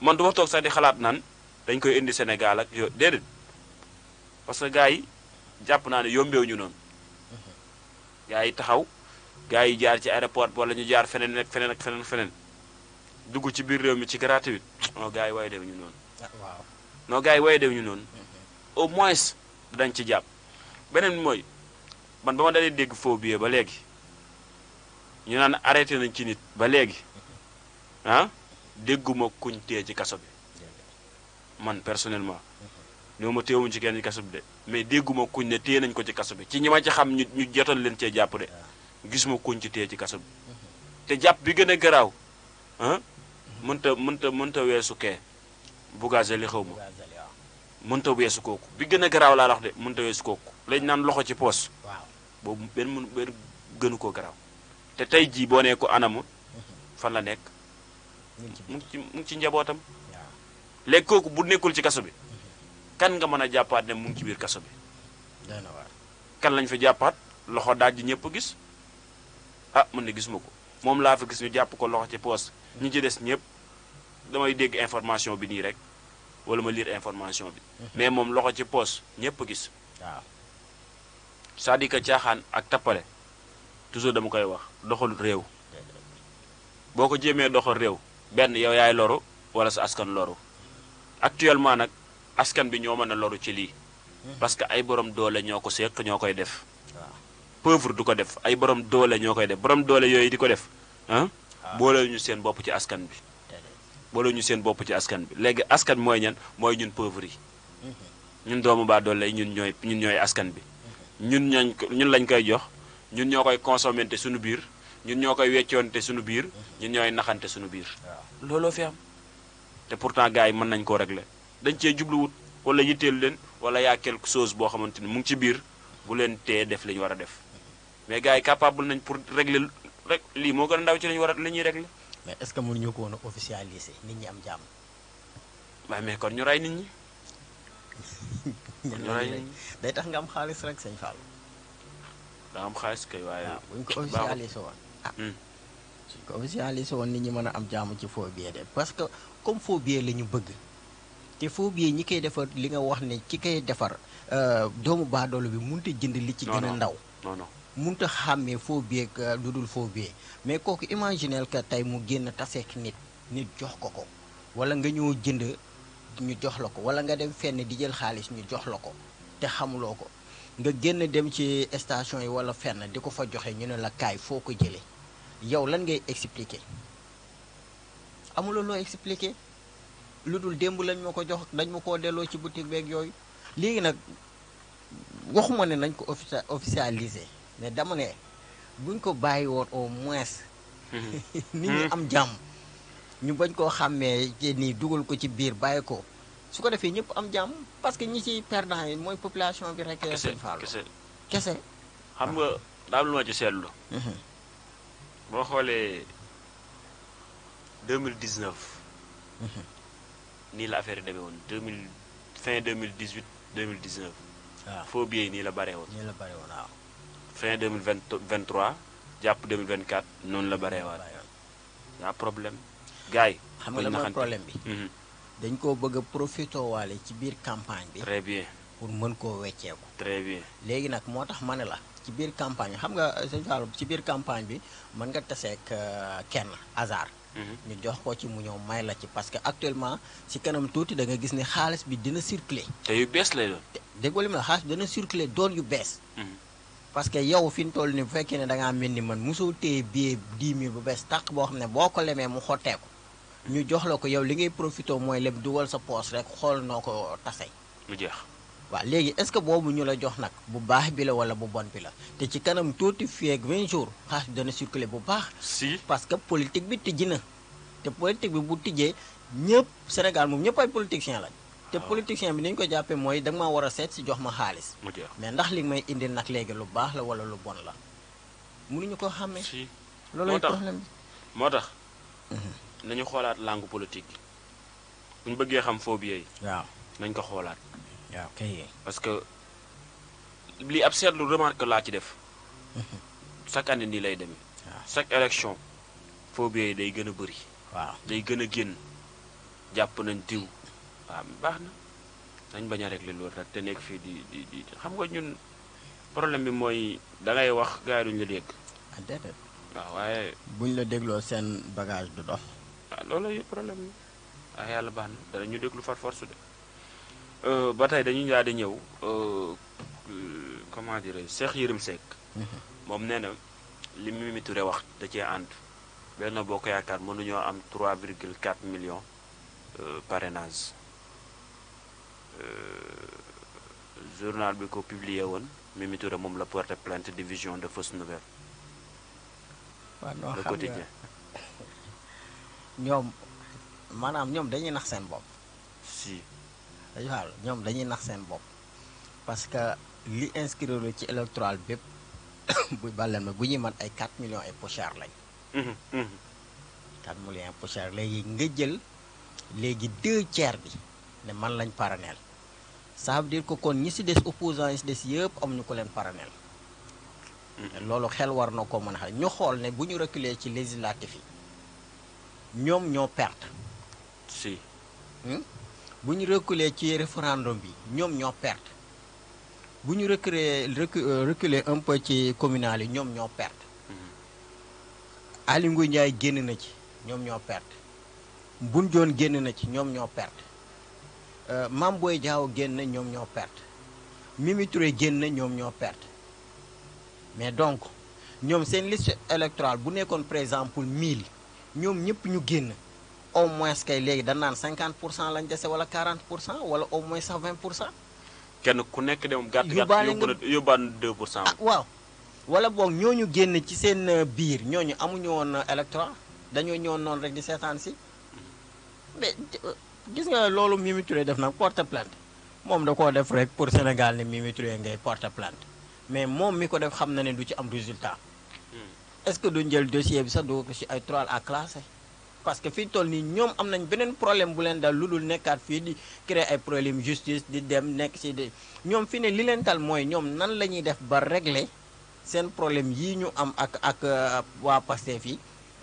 man du toog sax di xalaat naan dañ koy indi senegaal ak yo déedéet parce que gars yi jàpp naa ne yombeewu ñu noonu gars yi taxaw gaa yi jaar ci aéroport wala ñu jaar feneen ak feneen ak feneen feneen dugg ci biir réew mi ci gratuit non gars yi waaye dew ñu noonu. Ah, waaw non yi waaye dew ñu noonu. Mm-hmm. au moins dañ ci jàpp. beneen mooy man ba ma dalee dégg faux billet ba léegi ñu naan arrêté nañ ci nit ba léegi mm-hmm. ah. dégguma kuñ téye ci kaso bi man personnellement ñoo mhm. ma téewuñ ci kenn ci kaso bi de mais dégguma kuñ ne téye nañ ko ci kaso bi ci ñi ma ci xam ñu ñu jotal leen cee jàpp de gisuma kuñ ci téye ci kaso bi mhm. te jàpp bi gën a garaaw ah mënta mënta mënta weesu kee Bougazelli xaw ma mënta weesu kooku bi gën a garaaw laa wax de mënta weesu kooku lañ naan loxo ci poos boobu benn mën benn gënu koo garaaw te tey jii boo nee ko anamu fan la nekk mu ci mu ci njabootam. léegi kooku bu nekkul ci kaso bi. kan nga mën a jàppaat ne mu ngi ci biir kaso bi. kan lañ fa jàppaat loxo daaj ji ñëpp gis ah mën na gisuma ko moom laa fa gis ñu jàpp ko loxo ci poos ñi ci des ñëpp damay dégg information bi nii rek wala ma liir information bi. Mhm. mais moom loxo ci poos ñëpp gis. waaw c'est-à-dire caaxaan ak tappale toujours dama koy wax doxalut réew. boo ko jéemee doxal réew benn yow yaay loru wala sa askan loru actuellement nag askan bi ñoo mën a loru ci lii hmm. parce que ay borom doole ñoo ko seq ñoo koy def pauvre du ko def ay borom doole ñoo koy def borom doole yooyu di ko def ah, ah. boole ñu seen bopp ci askan bi boole ñu seen bopp ci askan bi léegi askan bi mooy ñan mooy ñun pauvre yi hmm. ñun doomu baa doole yi ñun ñooy ñun ñooy askan bi hmm. ñun ñooñ ñun lañ koy jox ñun ñoo koy consommer te suñu biir ñun ñoo koy weccoonte suñu biir ñun ñooy naxante suñu biir looloo fi am te pourtant gars yi mën nañ koo régler dañ cee jubluwut wala yitteel leen wala yaa quelque sos boo xamante ni mu ngi ci biir bu leen tee def li ñu war a def mais gars yi capable nañ pour régler rek lii moo gën a ndaw ci li ñu war a li ñuy régler mais est-ce que mënuñu ko woon a officialiser nit ñi am jàmm waaye mais kon ñu rey nit ñi ñu nit ñi day tax nga am xaalis rek sëñ Fall daa am xaalis kay waaye ah, bu ko officialiser ah hmm. suñ ko officialisé woon nit ñi mën a am jàmm ci faux billets de parce que comme faux billets la ñu bëgg te faux billets ñi koy defar li nga wax ne ci koy defar euh, doomu baadoolo bi mënta jënd li ci gën a ndaw non non mënta xàmmee faux billet euh, lu dul faux billet mais kooku imaginel que tey mu génn taseek nit nit jox ko ko wala nga ñëw jënd ñu jox la ko wala nga dem fenn di jël xaalis ñu jox la ko te xamuloo ko nga génn dem ci station yi wala fenn di ko fa joxe ñu ne la kaay foo ko jëlee yow lan ngay expliquer amuloo loo expliquer lu dul démb lañ ma ko jox dañ ma ko delloo ci boutique beeg yooyu léegi nag waxuma ne nañ ko officialiser mais dama ne buñ ko bàyyi woon au moins. Mhm. nit ñi mhm. am jàmm. ñu bañ koo xàmmee nii dugal ko ci biir bàyyi ko su ko defee ñëpp am jàmm parce que ñi ci perdant yi mooy population bi rek. kese kese kese. xam nga daal lu ma ci seetlu. Mhm. boo xoolee 2019. Mhm. nii la affaire deme woon deux mille fin 2018 2019. waaw faux billets yi nii la baree woon. nii la baree woon waaw. fin 2023 jàpp vingt 2024 noonu la baree waat. yaa problème gars yi. xam nga la mooy problème bi. Mhm. dañ koo bëgg a profité ci biir campagne bi. très bien pour mën koo wecceeku. très bien léegi nag moo tax ma ne la. ci biir campagne xam nga euh, sëñ Fallou ci biir campagne bi mën nga taseek euh, kenn hasard. Mhm. ñu jox ko ci mu ñëw may la ci parce que actuellement si kanam tuuti da nga gis ni xaalis bi dina circuler te yu bees lay doon. déggoo li ma xaalis bi dina circuler doon yu bees. Mhm. parce que yow fi ñu toll nii bu fekkee ne da ngaa mel ni man musoo téye billet 10 000 bu bees tàq boo xam ne boo ko lemee mu xotteeku. Mhm. ñu jox la ko yow li ngay profité mooy lem dugal sa poos rek xool noo ko tase. mu waaw léegi est-ce que boobu ñu la jox nag bu baax bi la wala bu bon bi la te ci kanam tuuti fii ak 20 jours xaalis dana circuler bu baax. si parce que politique bi tijji na te politique bi bu tijjee ñëpp Sénégal moom ñëpp ay politiciens lañ. te ah. politicien bi nañ ko jàppee mooy da war a seet si jox ma xaalis. mais ndax li may indil nag léegi lu baax la wala lu bon la. mu nu ñu ko xàmmee. loolu looloo problème bi moo tax mhm. nañu xoolaat langue politique bi bu ñu bëggee xam foofu yi. waaw nañ ko xoolaat. waaw kay parce que lii ab seetlu remarque laa ci def. Mm-hmm. chaque année nii lay demee. chaque élection phobie yi day gën a bëri. waaw day gën a génn jàpp nañ diw. waaw baax na dañ bañ a régler loolu rek te nekk fii di di xam nga ñun problème bi mooy da wax gars yi duñ la dégg. ah déedéet. waaw ah, waaye. buñ la dégloo seen bagage du dox. waaw ah, loolu la problème bi ah yàlla baax na ñu déglu far force de. Euh, ba tey dañuy daal di ñëw euh, comment dire Cheikh Yérim Seck. Mhm. moom nee na li Mimi Touré wax da cee ànd. benn boo ko yaakaar mënuñoo am 3 virgule 4 millions euh, parrainage journal bi ko publié woon Mimi Touré moom la porté plainte division de fausse nouvelle. waaw noo ñoom maanaam ñoom dañuy nax seen bopp. dañu faal ñoom dañuy nax seen bopp parce que li inscrire ci électoral bépp bu bàlleen ma bu ñuy man ay 4 millions ay pochards lañ 4 mhm, mhm. millions pochards léegi nga jël léegi deux tiers bi ne man lañ paraneel ça veut dire que kon ñi si des opposants yi si des yëpp amuñu ko leen paraneel mhm. loolu xel war na ko mën a xam ñu xool ne bu ñu reculer ci législatif yi ñoom ñoo perte si hmm? bu ñu reculer ci référendum bi ñoom ñoo perte bu ñu reculer euh, reculer un peu ci communal yi ñoom ñoo perte mm-hmm. Aly Ngouille Ndiaye génn na ci ñoom ñoo perte Boun Dionne génn na ci ñoom ñoo perte euh, Mame Boye Diao génn na ñoom ñoo perte Mimi Touré génn na ñoom ñoo perte mais donc ñoom seen liste électorale bu nekkoon par exemple 1000 ñoom ñëpp ñu génn au moins kay léegi dañ naan 50 pour cent lañ dese wala 40 pour cent wala au moins sax 20 pour cent. kenn ku nekk de moom gàtt gàtt yóbbaale na 2 pour cent. ah waaw wala boog ñooñu génn ci seen euh, biir ñooñu amuñu woon euh, électorat dañoo ñëwoon noonu rek di seetaan si mais euh, gis nga loolu Mimi Touré def nag porte plainte moom da koo def rek pour Sénégal ni Mimi Touré ngay porte plainte mais moom mi ko def xam na ne du ci am résultat. Hmm. est-ce que duñ jël dossier bi sax du ko ci ay trois à classé. parce que fii toll nii ñoom am nañ beneen problème bu leen dal lu dul nekkaat fii di créer ay problème justice di dem nekk ci di ñoom fi ne li leen tal mooy ñoom nan la ñuy def ba regle seen problème yii ñu am ak ak euh, waa Pastef yi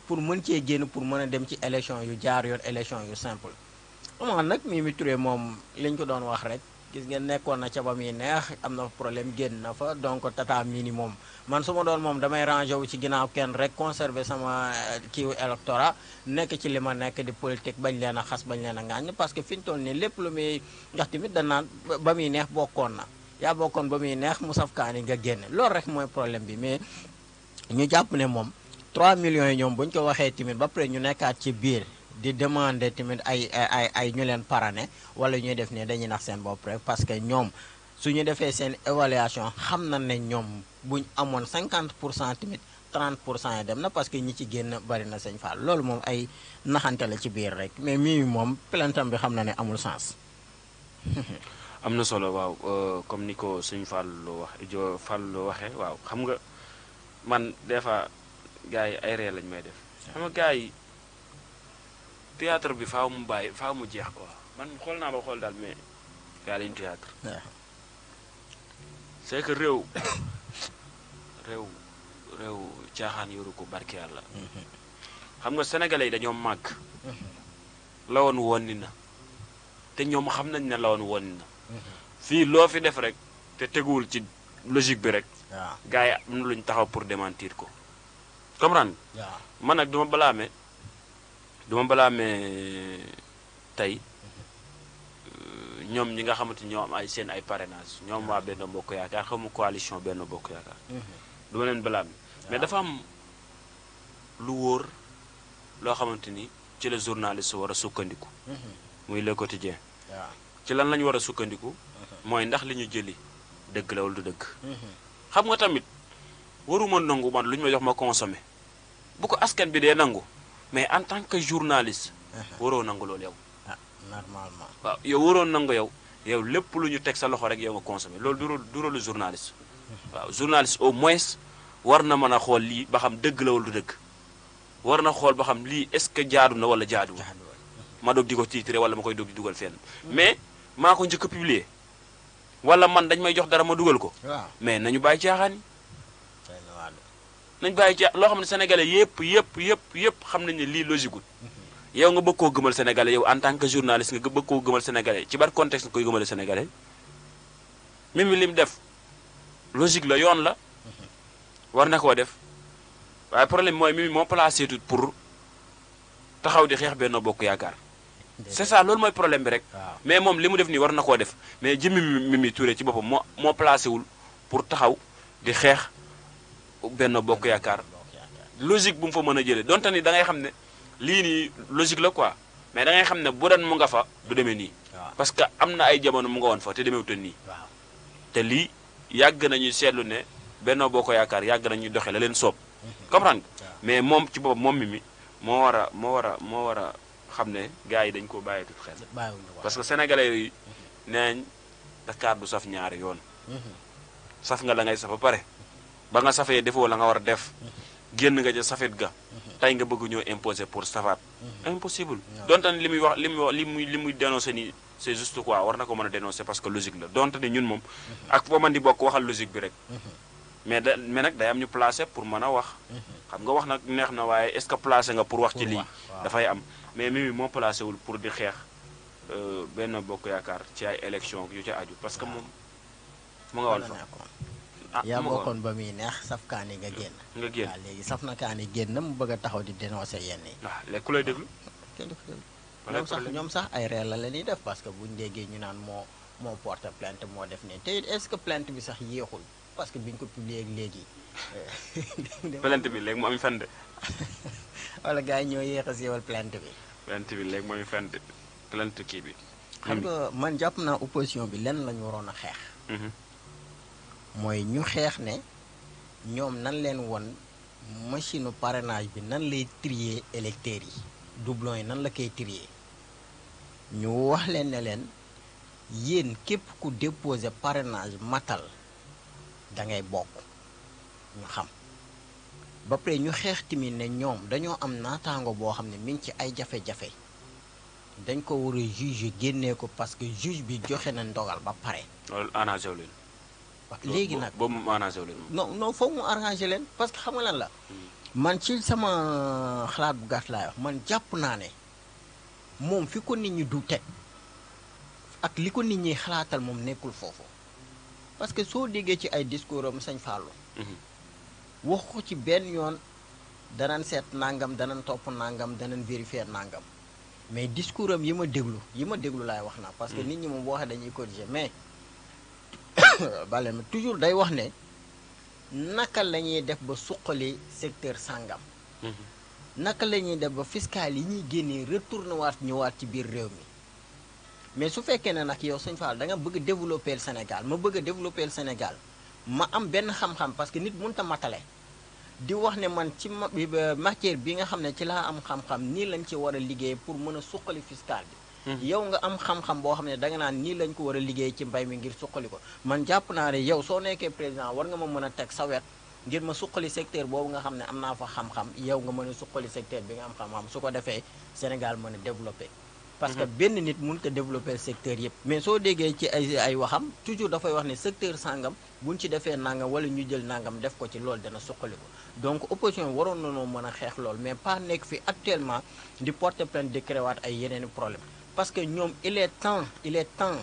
pour mën cee génn pour mën a dem ci élection yu jaar yoon élection yu simple amaan nag Mimi Touré moom lañ ko doon wax rek gis ngeen nekkoon na ca ba muy neex am na problème génn na fa donc tata mini moom man su ma doon moom damay rangé wu ci ginnaaw kenn rek conserver sama euh, kiiwu électorat nekk ci li ma nekk di politique bañ leen a xas bañ leen a ŋàññ parce que fi ñu toll nii lépp lu muy ndax tamit dañ naan ba muy neex bokkoon na yaa bokkoon ba muy neex mu safkaani nga génn loolu rek mooy problème bi mais ñu jàpp ne moom 3 millions yi ñoom bu ñu ko waxee tamit ba pare ñu nekkaat ci biir di demander tamit ay ay ay ñu leen parrainé wala ñuy def nii dañuy nax seen bopp rek parce que ñoom su ñu defee seen évaluation xam na ne ñoom buñ amoon cinquante pour cent tamit 30 pour cent yi dem na parce que ñi ci génn bari na sëñ Fall loolu moom ay naxante la ci biir rek mais mii moom plaintam bi xam na ne amul sens. am na solo waaw euh, comme ni ko sëñ Fall wax jo Fall waxee waaw xam nga man des fois gars yi ay ree lañ may def xam nga théâtre bi faaw mu bàyyi faaw mu jeex ko man xool naa ba xool daal mais yaa lañ théâtre c'est que réew réew réew caaxaan yoru ko barke yàlla mhm. xam nga sénégalais yi dañoo màgg mhm. lawoon wonni na te ñoom xam nañ ne lawoon wonni na mhm. fii loo fi def rek te teguwul ci logique bi rek gars yi am na luñ taxaw pour demantir ko comprendre man nag duma balaame duma balaa mee tey ñoom ñi nga xamante ni ñoo ay seen ay parrainage ñoom waa benn bokk yaakaar xamu coalition benn bokk yaakaar. Mhm. duma leen balaa mi mais dafa am lu wóor loo xamante ni ci la journaliste war a sukkandiku. Mhm. muy le quotidien. ci lan lañu war a sukkandiku. Mhm. mooy ndax li ñu jëli dëgg la wala du dëgg. xam nga tamit waruma nangu man lu ñu ma jox ma consommé bu ko askan bi dee nangu. mais en tant que journaliste. Uh-huh. waroo nangu loolu yow. ah normalement. yow waroo nangu yow yow lépp lu ñu teg sa loxo rek yow nga consommé loolu du du rôle journaliste. Uh-huh. waaw journaliste au moins war na mën a xool lii ba xam dëgg la wala dëgg war na xool ba xam lii est-ce que jaadu na wala jaaduwul. Uh-huh. ma doog di ko titré wala ma koy doog di dugal fenn. mais maa ko njëkk a publier wala man dañ may jox dara ma dugal ko. mais nañu bàyyi caaxaan yi nañ bàyyi ci loo xam ne sénégalais yëpp yëpp yëpp yëpp xam nañ ne lii logique yow nga bëgg koo gëmal sénégalais yow en tant que journaliste nga bëgg koo gëmal sénégalais ci bar contexte nga koy gëmale sénégalais même li mu def logique la yoon la war na koo def waaye problème mooy mimi moo placé tout pour taxaw di xeex benn bokk yaakaar. c'est ça loolu mooy bi rek. mais moom li mu def nii war na koo def mais jëmmi Mimi Touré ci boppam moo moo placé wul pour taxaw di xeex. benn bokk yaakaar logique bu mu fa mën a jëlee donte ni dangay xam ne lii nii logique la quoi mais da ngay xam ne bu doon mu nga fa du demee nii. parce que am na ay jamono mu nga woon fa te demee wutoon nii. te lii yàgg nañu seetlu ne benn bokk yaakaar yàgg nañu doxee la leen soob. Mhm. comprendre nga mais moom ci boppam moom mi mi moo war a moo war moo war a xam ne gars yi dañ ko bàyyiwut xel. parce que sénégalais yi mhm. nee nañ Dakar du saf ñaari yoon. Mhm. saf nga la ngay saf ba pare. ba nga safee defoo la nga war a def génn nga ca safet ga tey nga bëgg ñëw imposer pour safaat impossible donte ne li muy wax li muy wax li muy li muy dénoncer ni c'est juste quoi war na ko mën a dénoncer parce que logique la donte ne ñun moom mm-hmm. ak foo mën di bokk waxal logique bi rek mm-hmm. mais da mais nag day am ñu placé pour mën a wax mm-hmm. xam nga wax nag neex na waaye est-ce que placé nga pour wax ci lii dafay am mais Mimi moo placé wul pour di xeex euh, benn bokk yaakaar ci ay élection yu ca aju parce que moom mu nga woon fa Ah, yaa bokkoon ba muy neex saf kaani nga génn nga génn léegi saf na kaani génn mu bëgg a taxaw di dénoncer yenn yi waaw ah, léegi ku lay déglu ah, ñoom sax ñoom sax ay reer la la ñuy def parce que buñ déggee ñu naan moo moo porte plainte moo def ne te est-ce que plainte bi sax yéexul parce que biñ ko publier ak léegi euh, plainte bi léegi mu am fende wala gars yi ñoo yéex a siiwal plainte bi plainte bi léegi mu am fende plainte kii bi xam nga man jàpp naa opposition bi lenn la ñu waroon a xeex mm-hmm. mooy ñu xeex ne ñoom nan leen won machine parenage bi nan lay trier électeurs yi doublon yi nan la koy trier ñu wax leen ne leen yéen képp ku déposé parenage matal da ngay bokk ñu xam ba pare ñu xeex tamit ne ñoom dañoo am naataango boo xam ne mi ngi ci ay jafe-jafe dañ ko war a juge génnee ko parce que juge bi joxe na ndogal ba pare. loolu arrangé leen léegi nag boobu moom arrangé leen non non mu arrangé leen parce que xam nga lan la hmm. man ci sama xalaat bu gàtt laay wax man jàpp naa ne moom fi ko nit ñi du teg ak li ko nit ñi xalaatal moom nekkul foofu parce que soo déggee ci ay discours am sañ Fallou hmm. wax ko ci benn yoon danañ seet nangam danañ topp nangam danañ vérifier nangam mais discours yi ma déglu yi ma déglu laay wax na parce que hmm. nit ñi moom boo waxee dañuy corriger mais bale ma toujours day wax ne naka la ñuy def ba suqali secteur sàngam mm-hmm. naka la ñuy def ba fiscal yi ñuy génnee retourné waat ñëwaat ci biir réew mi mais su fekkee ne nag yow Sëñ Fall da nga bëgg a développer Sénégal ma bëgg a développer le Sénégal ma am benn xam-xam parce que nit mënut a matale di wax ne man ci matière bi nga xam ne ci laa am xam-xam nii lañ ci war a liggéey pour mën a suqali fiscal bi Mm-hmm. yow nga am xam-xam boo xam ne danga naan nii lañ ko war a liggéey ci mbay mi ngir suqali ko man jàpp naa ne yow soo nekkee président war nga ma mën a teg sa wet ngir ma suqali secteur boobu nga xam ne am naa fa xam-xam yow nga mën a suqali secteur bi nga am xam-xam su ko defee Sénégal mën a développé parce que mm-hmm. benn nit mun te développer secteur yëpp mais soo déggee ci ay ay waxam toujours dafay wax ne secteur sàngam buñ ci defee nangam wala ñu jël nangam def ko ci loolu dana suqali ko donc opposition waroon nanoo mën a xeex loolu mais pas nekk fi actuellement di porter plainte di créwaat ay problème parce que ñoom il est temps il est temps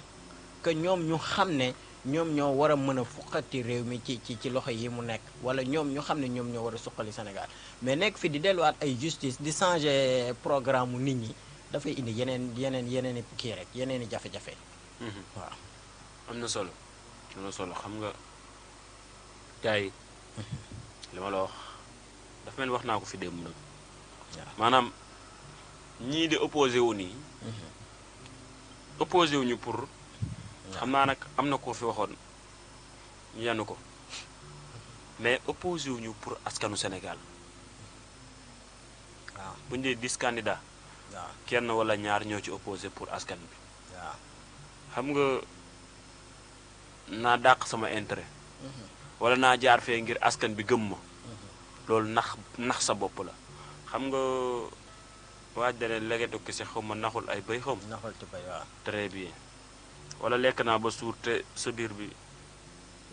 que ñoom ñu xam ne ñoom ñoo war a mën a fuqati réew mi ci ci ci loxo yi mu nekk wala ñoom ñu xam ne ñoom ñoo war a suqali Sénégal mais nekk fi di delluwaat ay justice di changer programme mu nit ñi dafay indi yeneen yeneen yeneen i kii rek yeneen i jafe-jafe. Mhm. na solo am xam nga tey li ma la wax dafa mel wax naa ko fi démb nag. maanaam ñii di opposé wu nii. Mhm. opposé wuñu pour xam naa nag am na koo fi waxoon ñu ko mais opposé wuñu pour askanu Sénégal waaw bu ñu dee dix candidats kenn wala ñaar ñoo ci opposé pour askan bi xam nga naa dàq sama intérêt mhm. wala naa jaar fee ngir askan bi gëmma mhm. loolu nax nax sa bopp la xam nga waa waajare legetu kese xaw ma naxul ay bëy xaw ma naxul ci bëy waaw très bien wala lekk naa ba suur te sa biir bi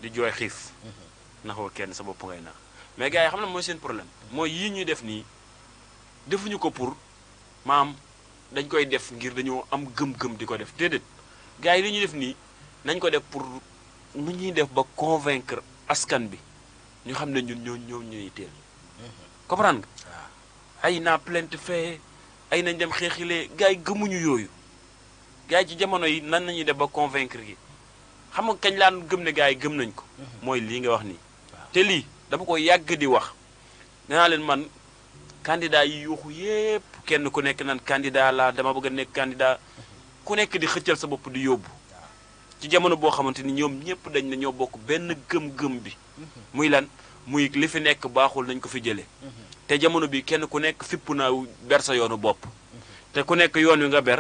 di jooy xiif mhm. naxoo kenn sa bopp ngay nax mais gars yi xam na mooy seen problème mooy yii ñuy def nii defuñu ko pour maam dañ koy def ngir dañoo am gëm-gëm di ko def déedéet gars yi li ñuy def nii nañ ko def pour nu ñuy def ba convaincre askan bi ñu xam ne ñun ñoo ñoo ñuy teel mhm. comprendre nga ah. ay naa plainte fee ay nañ dem xeexilee gaay gëmuñu yooyu gaay yi ci jamono yi nan nañuy def ba convaincre gi xam nga kañ laan gëm ne gars yi gëm nañ ko mhm. mooy lii nga wax nii te lii dama ko yàgg di wax nee leen man candidat yi yuuxu yépp kenn ku nekk naan candidat laa dama bëgg a nekk candidat mhm. ku nekk di xëccal sa bopp di yóbbu ci jamono boo xamante ni ñoom ñëpp dañ ne ñoo bokk benn gëm-gëm bi mhm. muy lan muy li fi nekk baaxul nañ ko fi jëlee te jamono bi kenn ku nekk fipp na ber sa yoonu bopp te ku nekk yoon wi nga ber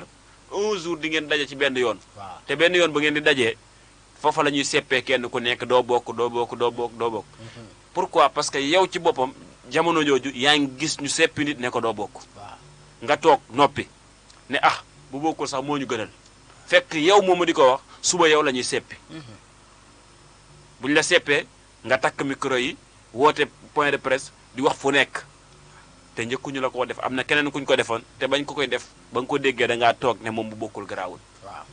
jour di ngeen daje ci benn yoon te benn yoon ba ngeen di dajee foofa la ñuy seppee kenn ku nekk doo bokk doo bokk doo bokk doo bokk mm-hmm. pourquoi parce que yow ci boppam jamono jooju yaa ngi gis ñu seppi nit ne ko doo bokk nga toog noppi ne ah bu bokkul sax moo ñu gënal fekk yow moomu di ko wax suba yow la ñuy seppi mm-hmm. buñ la seppee nga takk micro yi woote point de presse di wax fu nekk te ñu la koo def am na keneen kuñ ko defoon te bañ ko koy def ba nga ko déggee da toog ne moom mu bokkul garaawul. waaw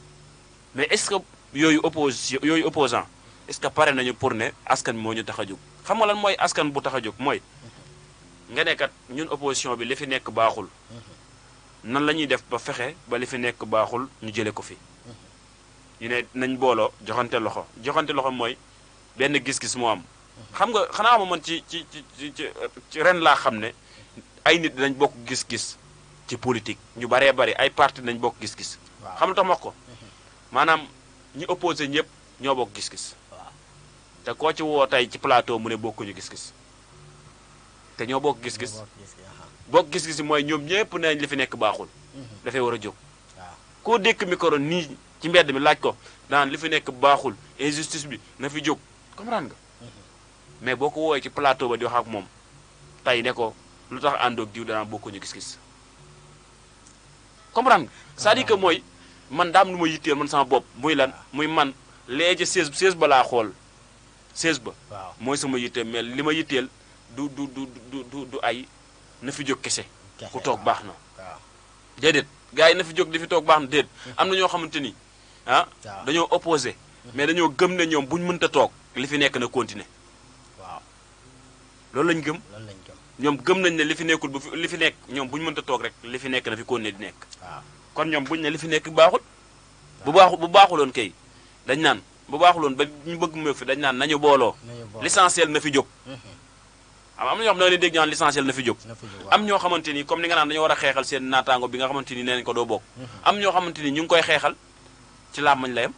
mais est-ce que yooyu opposition yooyu opposant est-ce que pare nañu pour ne askan moo ñu tax a jóg xam nga lan mooy askan bu tax a jóg mooy nga ne ñun opposition bi li fi nekk baaxul nan la ñuy def ba fexe ba li fi nekk baaxul ñu jëlee ko fi. ñu ne nañ booloo joxante loxo joxante loxo mooy benn gis-gis moo am. xam nga xanaa ma man ci ci ci ci ren laa xam ne. ay nit dinañ bokk gis-gis ci politique ñu baree bari ay parti dinañ bokk gis-gis. xam tax ma ko mhm. maanaam ñi opposé ñëpp ñoo bokk gis-gis. te ko ci woo tey ci plateau mu ne bokkuñu gis-gis te ñoo bokk gis-gis. bokk gis-gis mooy ñoom ñëpp nañ li fi nekk baaxul. Mhm. dafay war a jóg. koo dékk micro nii ci mbedd mi laaj ko daan li fi nekk baaxul injustice bi na fi jóg comprendre mhm. mais boo ko woowee ci plateau ba di wax ak moom tey ne ko. lu tax àndoog diw dana bokkuñu gis-gis comprendre nga c'est-à-dire que mooy man daam lu ma yitteel man sama bopp muy lan muy man léegi seize seize ba laa xool seize ba mooy sama yitteel mais li ma yitteel du du du du du ay na fi jóg kese ku toog baax na déedéet gars yi na fi jóg di fi toog baax na déedéet mm-hmm. am na ñoo xamante ni ah dañoo opposé mm-hmm. mais dañoo gëm ne ñoom bu ñu mënta toog li fi nekk na continuer waaw loolu lañ gëm ñoom gëm nañ ne li fi nekkul bu fi li fi nekk ñoom bu ñu mënta toog rek li fi nekk dafi koon ne di nekk kon ñoom buñ ne li fi nekk baaxul bu baaxul bu baaxuloon kay dañ naan bu baaxuloon ba ñu bëgg mu fi dañ naan nañu booloo l'essentiel na fi jóg mhm. am ñoo xam ne dégg ñaan l'essentiel na fi ñoo xamante ni comme nga naan dañoo war a xeexal seen naataango bi nga xamante ni nee nañ ko doo bokk mhm. am ñoo xamante ni ñu ngi koy xeexal ci làmmiñ la yam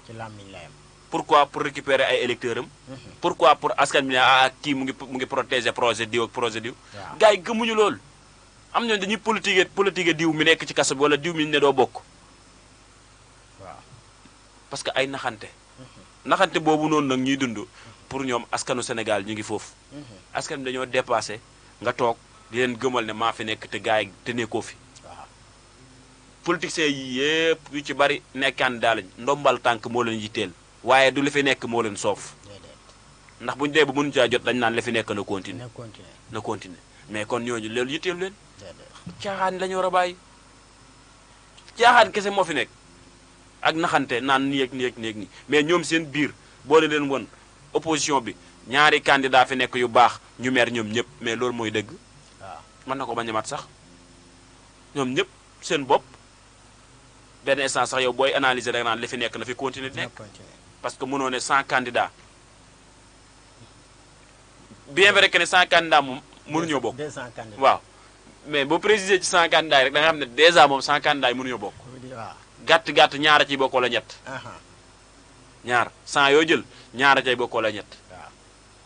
pourquoi pour récupérer ay électeurs am. Mhm. pourquoi pour askan bi ne ah, ah kii mu ngi mu ngi protéger projet diw ak projet diw. yi gëmuñu loolu. am nañu dañuy politique politique diw mi nekk ci kaso bi wala diw mi ne doo bokk. parce que ay naxante. Mhm. naxante boobu noonu nag ñuy dund mhm. pour ñoom askanu Sénégal ñu ngi foofu. askan bi dañoo dépassé nga toog di leen gëmal ne maa fi nekk te gars yi te nekkoo fi. politiciens yi yëpp yu ci bari nekkaan daal lañ ndombal tànk moo leen yitteel. waaye du li fi nekk moo leen soof ndax bu ñu dee bu mënu caa jot dañ naan la fi nekk na continuer na continuer mais kon ñooñu loolu yitteelu leen caaxaan la war a bàyyi caaxaan kese moo fi nekk ak naxante naan nii yéeg nii ak nii mais ñoom seen biir boole leen woon opposition bi ñaari kandi candidat fi nekk yu baax ñu mer ñoom ñëpp mais loolu mooy dëgg waaw mën na ko bañ a mat sax ñoom ñëpp seen bopp benn instant sax yow booy analyser rek naan li fi nekk na fi continuer di nekk parce que mënoo ne cent candidats bien vrai que ne cent candidats moom mënuñoo bokk. deux cent waaw mais boo précisé ci cent candidats yi rek da nga ne dèjà moom cent candidats yi mënuñoo bokk. waaw gàtt gàtt ñaara ciy bokk wala ñett. ñaar cent yoo jël ñaara cay bokk wala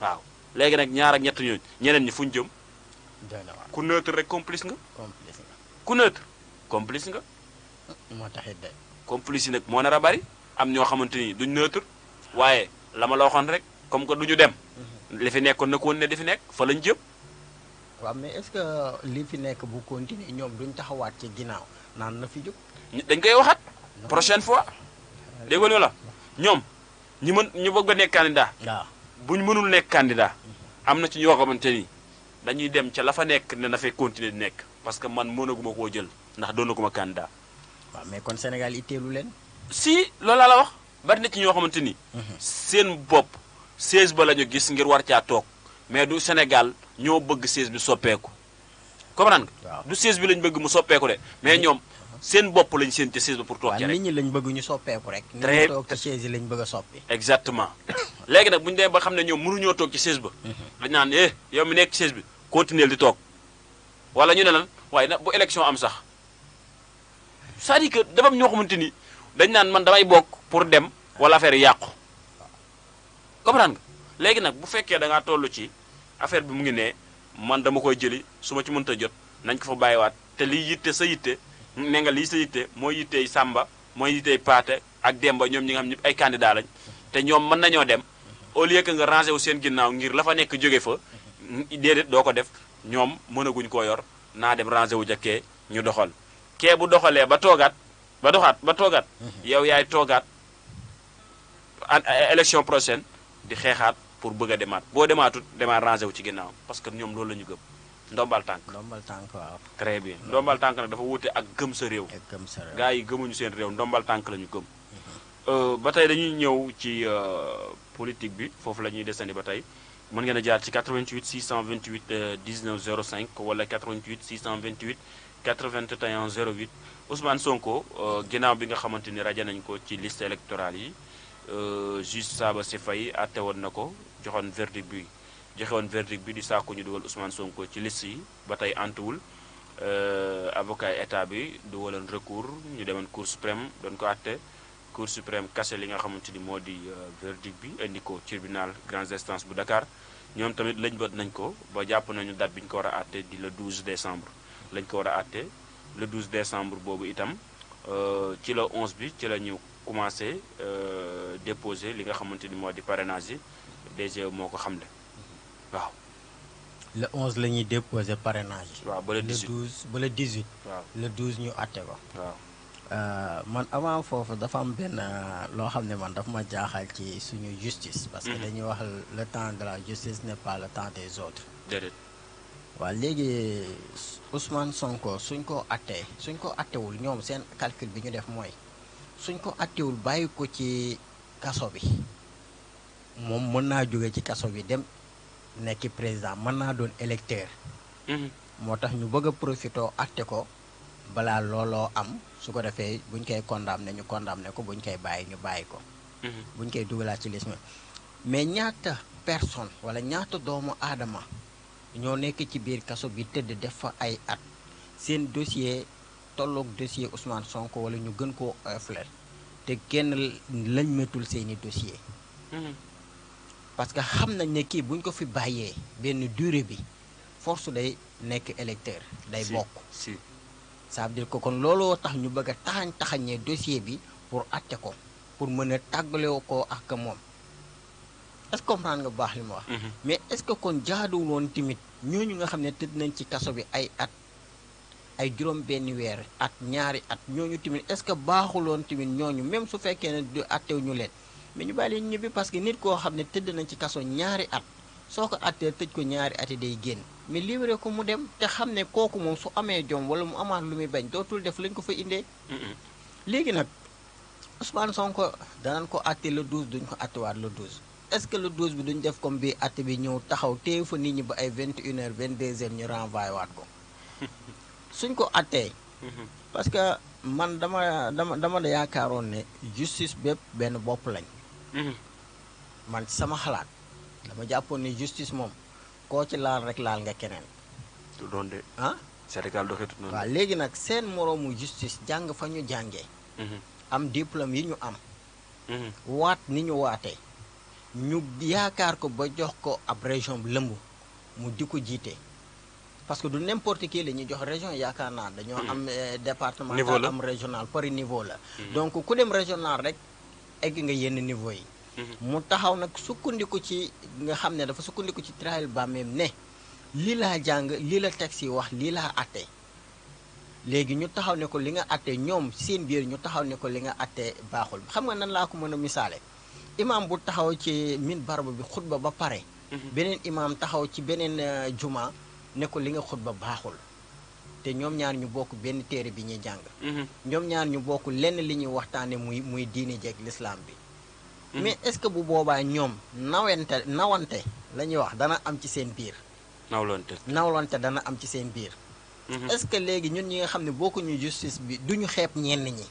waaw léegi nag ñaar ak ñett ñooñu ñeneen ñi fuñ jëm. ku neutre rek complice nga. ku neutre complice nga. moo taxit de. nag moo nar a bari. am ñoo xamante ni duñ neutre waaye la la waxoon rek comme que duñu dem. Mhm. li fi nekkoon na ko ne di fi nekk fa lañ jëm. waaw mais est-ce fi nekk bu continuer ñoom duñ taxawaat ci ginnaaw naan na fi jóg. dañ koy waxaat. prochaine fois. dégg nga la ñoom ñi mën ñu bëgg a nekk candidat. waaw bu mënul nekk candidat. Mhm. am na ci ñoo xamante ni dañuy dem ca la fa nekk ne na fay continuer di nekk parce que man mënaguma koo jël ndax doonaguma candidat. waaw mais kon Sénégal itteelu leen. si loolu laa la wax bari na ci ñoo xamante ni. Mhm. seen bopp siège ba la ñu gis ngir war caa toog mais du Sénégal ñoo bëgg siège bi soppeeku. comprendre nga du siège bi lañ bëgg mu soppeeku de mais ñoom mhm. seen bopp lañ seen te siège ba pour toog ci rek. nit ñi bëgg ñu soppeeku rek. très lañ bëgg a soppi. exactement nag bu ñu dee ba xam ne ñoom mënuñoo toog ci siège ba. Mhm. dañ naan eh yow mu nekk ci bi continuer di toog wala ñu ne lan waaye nag bu élection am sax c'est-à-dire dafa am ñoo ni. dañ naan man damay bokk pour dem wala affaire yi yàqu comprendre nga léegi nag bu fekkee da ngaa toll ci affaire bi mu ngi nee man dama koy jëli su ma ci mënta jot nañ ko fa bàyyiwaat te liy yitte sa yitte nenga nga lii sa yitte mooy yittey Samba mooy yittey Paate ak Demba ñoom ñi nga xam ñëpp ay candidat lañ te ñoom mën nañoo dem au lieu que nga rangé wu seen ginnaaw ngir la fa nekk jóge fa mm, déedéet doo ko def ñoom mënaguñ koo yor naa dem rangé wu jëkkee ñu doxal kee bu doxalee ba toogaat ba doxaat ba toogaat. Mhm. yow yaay toogaat an e, e, élection prochaine di xeexaat pour bëgga demaat boo demaatu demaat rangé wu ci ginnaaw parce que ñoom loolu la ñu gëm ndombal tànk. ndombal tànk waaw. très bien ndombal nag dafa wute ak gëm sa réew. ak gëm sa gaa yi gëmuñu seen réew ndombal tànk lañu ñu gëm. Mhm. Euh, ba tey dañuy ñëw ci euh, politique bi foofu la ñuy desandi ba tey. mën ngeen a jaar ci 88 628 19 05 wala 88 628 81 08 Ousmane Sonko euh, ginnaaw bi nga xamante ni rajo nañ ko ci liste électorale yi euh, juge Sabassy fay àtte woon na ko joxoon verdict bi joxe woon verdict bi di saako ñu dugal Ousmane Sonko ci liste yi ba tey antuwul euh, avocat état bi du waloon recours ñu demoon cour suprême doon ko àtte cour suprême cassé li nga xamante ni moo di verdict bi indi ko tribunal grande instance bu Dakar ñoom tamit lañ bët nañ ko ba jàpp nañu date bi ñu ko war a àtte di le 12 décembre lañ ko war a le 12 décembre boobu itam euh, ci la 11 bi ci la ñu commencé euh, déposer li nga xamante ni moo di parrainage yi DGE moo ko xam waaw. le 11 la ñuy déposer parrainage. waaw ba le 18 le 12 ba le 18. waaw le 12 ñu àtte ko. waaw. Euh, man avant foofu dafa am benn loo xam ne man dafa ma jaaxal ci suñu justice. parce que mhm. dañuy wax le temps de la justice ne pas le temps des autres. déedéet. waaw léegi. Ousmane Sonko suñ ko attee suñ ko attewul ñoom seen calcul bi ñu def mooy suñ ko attewul bàyyi ko ci kaso bi moom mën naa jóge ci kaso bi dem nekki président mën naa doon électeur mhm. moo tax ñu bëgg a profitoo atte ko balaa looloo am su ko defee buñ koy ne ñu condamné ko buñ koy bàyyi ñu bàyyi ko mhm. buñ koy dugalaat ci liste mais ñaata personne wala ñaata doomu aadama ñoo nekk ci biir kaso bi tëdd def fa ay at seen dossier tolloog dossier Ousmane Sonko wala ñu gën koo fleur te genn lañ métul seeni dossier mhm. parce que xam nañ ne kii buñ ko fi bàyyee benn durée bi force day nekk électeur day bokk si ça ko kon looloo tax ñu bëgg a taxañ taxañee dossier bi pour atte ko pour mën a tàggalew ko ak moom est-ce nga bu baax li ma wax. Mhm. mais est-ce kon jaaduwul woon tamit ñooñu nga xam ne tëdd nañ ci kaso bi ay at. ay juróom benn weer ak ñaari at ñooñu tamit est-ce que baaxuloon tamit ñooñu même su fekkee ne du attew ñu leet mais ñu bàyyi leen ñibbi parce que nit koo xam ne tëdd nañ ci kaso ñaari at soo ko attee tëj ko ñaari at yi day génn mais libéré ko mu dem te xam ne kooku moom su amee jom wala mu amaat lu muy bañ dootul def lañ ko fa indee. Mhm. léegi nag Ousmane Sonko danañ ko atte le duñ ko attewaat le 12. est-ce que le 12 bi duñ def comme bi àtte bi ñëw taxaw téye fa nit ñi ba ay vingt heures 22 heures ñu renvoyé waat ko suñ ko àttee. Mhm. parce que man dama dama dama da yaakaaroon ne justice bépp benn bopp lañ. Mhm. man sama xalaat dama jàppoon ne justice moom koo ci laal rek laal nga keneen. du doon de. ah Sénégal léegi nag seen moroomu justice jàng fa ñu jànge mhm. am diplôme yi ñu am. waat ni ñu waatee. ñu yaakaar ko ba jox ko ab région bu lëmb mu di ko jiite parce que du n'importe qui la ñuy jox région yaakaar naa dañoo hmm. am eh, département am régional par niveau la hmm. donc ku dem régional rek egg nga yenn niveau yi hmm. mu taxaw nag sukkandiku ci nga xam ne dafa sukkandiku ci trial bàmmeem ne lii laa jàng lii la texte yi wax lii laa atte léegi ñu taxaw ne ko li nga atte ñoom seen biir ñu taxaw ne ko li nga atte baaxul xam nga nan laa ko mën a misaale imaam bu taxaw ci minbar bi xutba ba pare. Mhm. beneen imaam taxaw ci beneen euh, juma ne ko li nga xutba baaxul. te ñoom ñaar ñu bokk benn téere bi ñuy jàng. Mhm. ñoom ñaar ñu bokk lenn li ñuy waxtaane muy muy diine jeeg lislaam bi. Mhm. mais est-ce que bu boobaa ñoom nawente nawante la ñuy wax dana am ci seen biir. nawlonte nawlonte dana am ci seen biir. est-ce que léegi ñun ñi nga xam ne bokkuñu justice bi duñu xeeb ñenn ñi.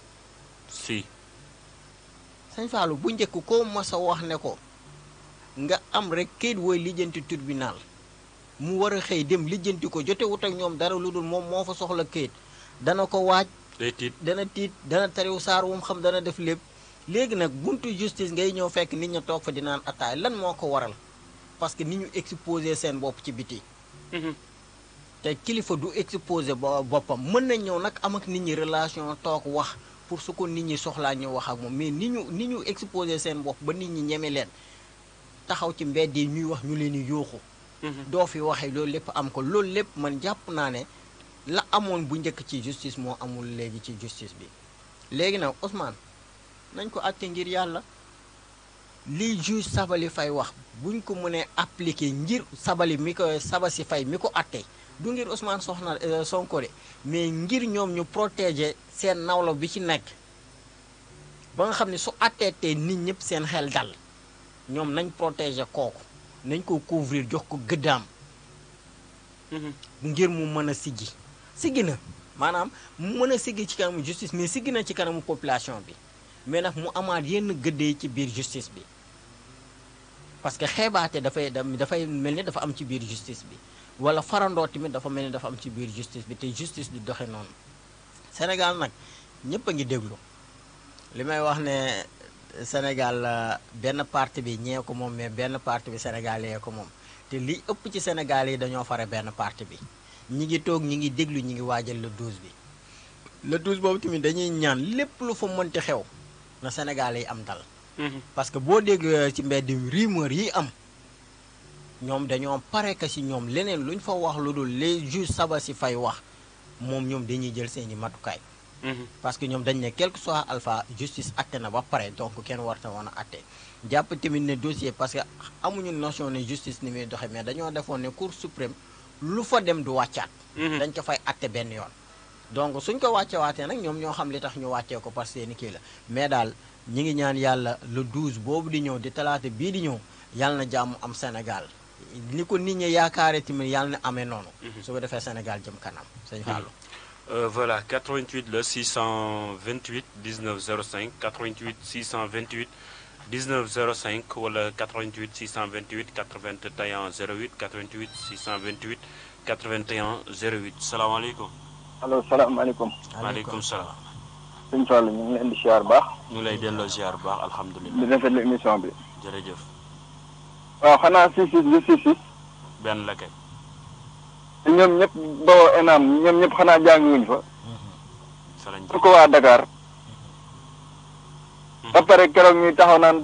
si. sëñ Fallou bu njëkk koo masa wax ne ko nga am rek kayit wooy lijjanti tribunal mu war a xëy dem lijjanti ko jotewut ak ñoom dara lu dul moom moo fa soxla kayit dana ko waaj day tiit dana tiit dana tariw saar wum xam dana def lépp léegi nag buntu justice ngay ñëw fekk nit ña toog fa di naan ataay lan moo ko waral parce que nit ñu exposé seen bopp ci biti mhm. te kilifa du exposé boppam mën na ñëw nag am ak nit ñi relation toog wax pour su ko nit ñi soxlaa ñu wax ak moom mais ni ñu ni ñu exposé seen bopp ba nit ñi ñeme leen taxaw ci mbedd yi ñuy wax ñu leen di yooxu mhm. doo fi waxee loolu lépp am ko loolu lépp man jàpp naa ne la amoon bu njëkk ci justice moo amul léegi ci justice bi léegi nag Ousmane nañ ko àtte ngir yàlla li juge Sabali fay wax buñ ko mënee appliquer ngir Sabali mi ko Sabasi fay mi ko àtte du ngir Ousmane soxna euh, Sonko de mais ngir ñoom ñu protéger seen nawla bi ci nekk ba nga xam ne su atteetee nit ñëpp seen xel dal ñoom nañ protéger kooku nañ ko couvrir jox ko gëddaam mhm. ngir mu mën a siggi siggi na maanaam mu mën a siggi ci kanamu justice mais siggi na ci kanamu population bi mais nag mu amaat yenn gëddee ci biir justice bi parce que xeebaate dafay dafay mel ni dafa am ci biir justice bi walla farandoo tamit dafa mel ni dafa am ci biir justice bi te justice du doxe noonu Sénégal nag ñëpp a ngi déglu li may wax ne Sénégal euh, benn parti bi ñee ko moom mais benn parti bi Sénégal yee ko moom te li ëpp ci Sénégal yi dañoo fare benn parti bi ñi ngi toog ñi ngi déglu ñi ngi waajal le 12 bi le 12 boobu tamit dañuy ñaan lépp lu fa mënti xew na Sénégal yi am dal mhm. parce que boo dégg euh, ci mbedd rumeur yi am ñoom dañoo pare que si ñoom leneen luñ fa wax lu dul les juges saba si fay wax moom ñoom dañuy jël seeni matukaay. Mhm. parce que ñoom dañu ne quel que soit alpha justice acté na ba pare donc kenn warta woon a acté jàpp tamit ne dossier parce que amuñu notion ne justice ni muy doxee mais dañoo defoon ne cour suprême lu fa dem du wàccaat. Mhm. dañ ko fay acté benn yoon. donc suñ ko wàcce waatee nag ñoom ñoo xam li tax ñu wàccee ko parce que ni kii la mais daal ñi ngi ñaan yàlla lu 12 boobu di ñëw di talaata bii di ñëw yàlla na jàmm am Sénégal. ni ko nit ñi yaakaare tamit yàlla na amee noonu. Mhm. su ko defee Sénégal jëm kanam sëñ mhm. Fallou. Euh, voilà 88 la 628 19 05 88 628 19 05 wala 88 628 81 08 88 628 81 08 salaamaaleykum. allo salaamaaleykum. maaleykum salaam. sëñ Fallou ñu ngi leen di ziar baax. ñu lay delloo ziar baax alhamdulilah. di rafetlu émission bi. jërëjëf. waa xanaa 66 bi 66. benn la kay. ñoom ñëpp bawoo ENAM ñoom ñëpp xanaa jàngiwuñ fa. Mm-hmm. salaamaaleykum ko waa Dakar. Mm-hmm. ba pare keroog ñuy taxaw naan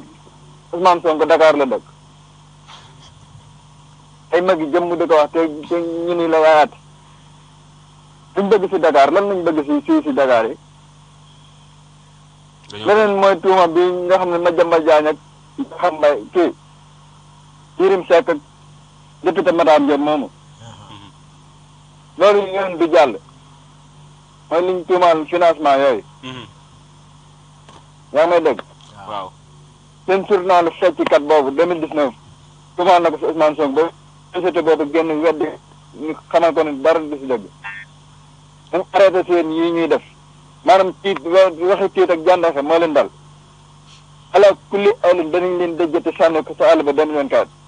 Ousmane Sonko Dakar la dëkk. ay mag yi jëmm di ko wax te te ñu la waayaat. luñ bëgg si Dakar lan lañ bëgg si si si Dakar yi. leneen mooy tuuma bi nga xam ne Madiambal Diagne ak xam mbay kii. Yérim Seck ak député Matar Diop moomu loolu yoon du jàll mooy liñ tuumaal financement yooyu yaa ngi may dégg waaw seen journal fecckat boobu 2019 tuumaal na ko si Ousmane Sonko ba société boobu génn weddi ñu xamal ko ni dara du si dëgg dañ arrêté seen yii ñuy def maanaam tiit waxi tiit ak jàndaxe moo leen dal ala kulli alin danañ leen dëjjate sànni ko sa àll ba 2024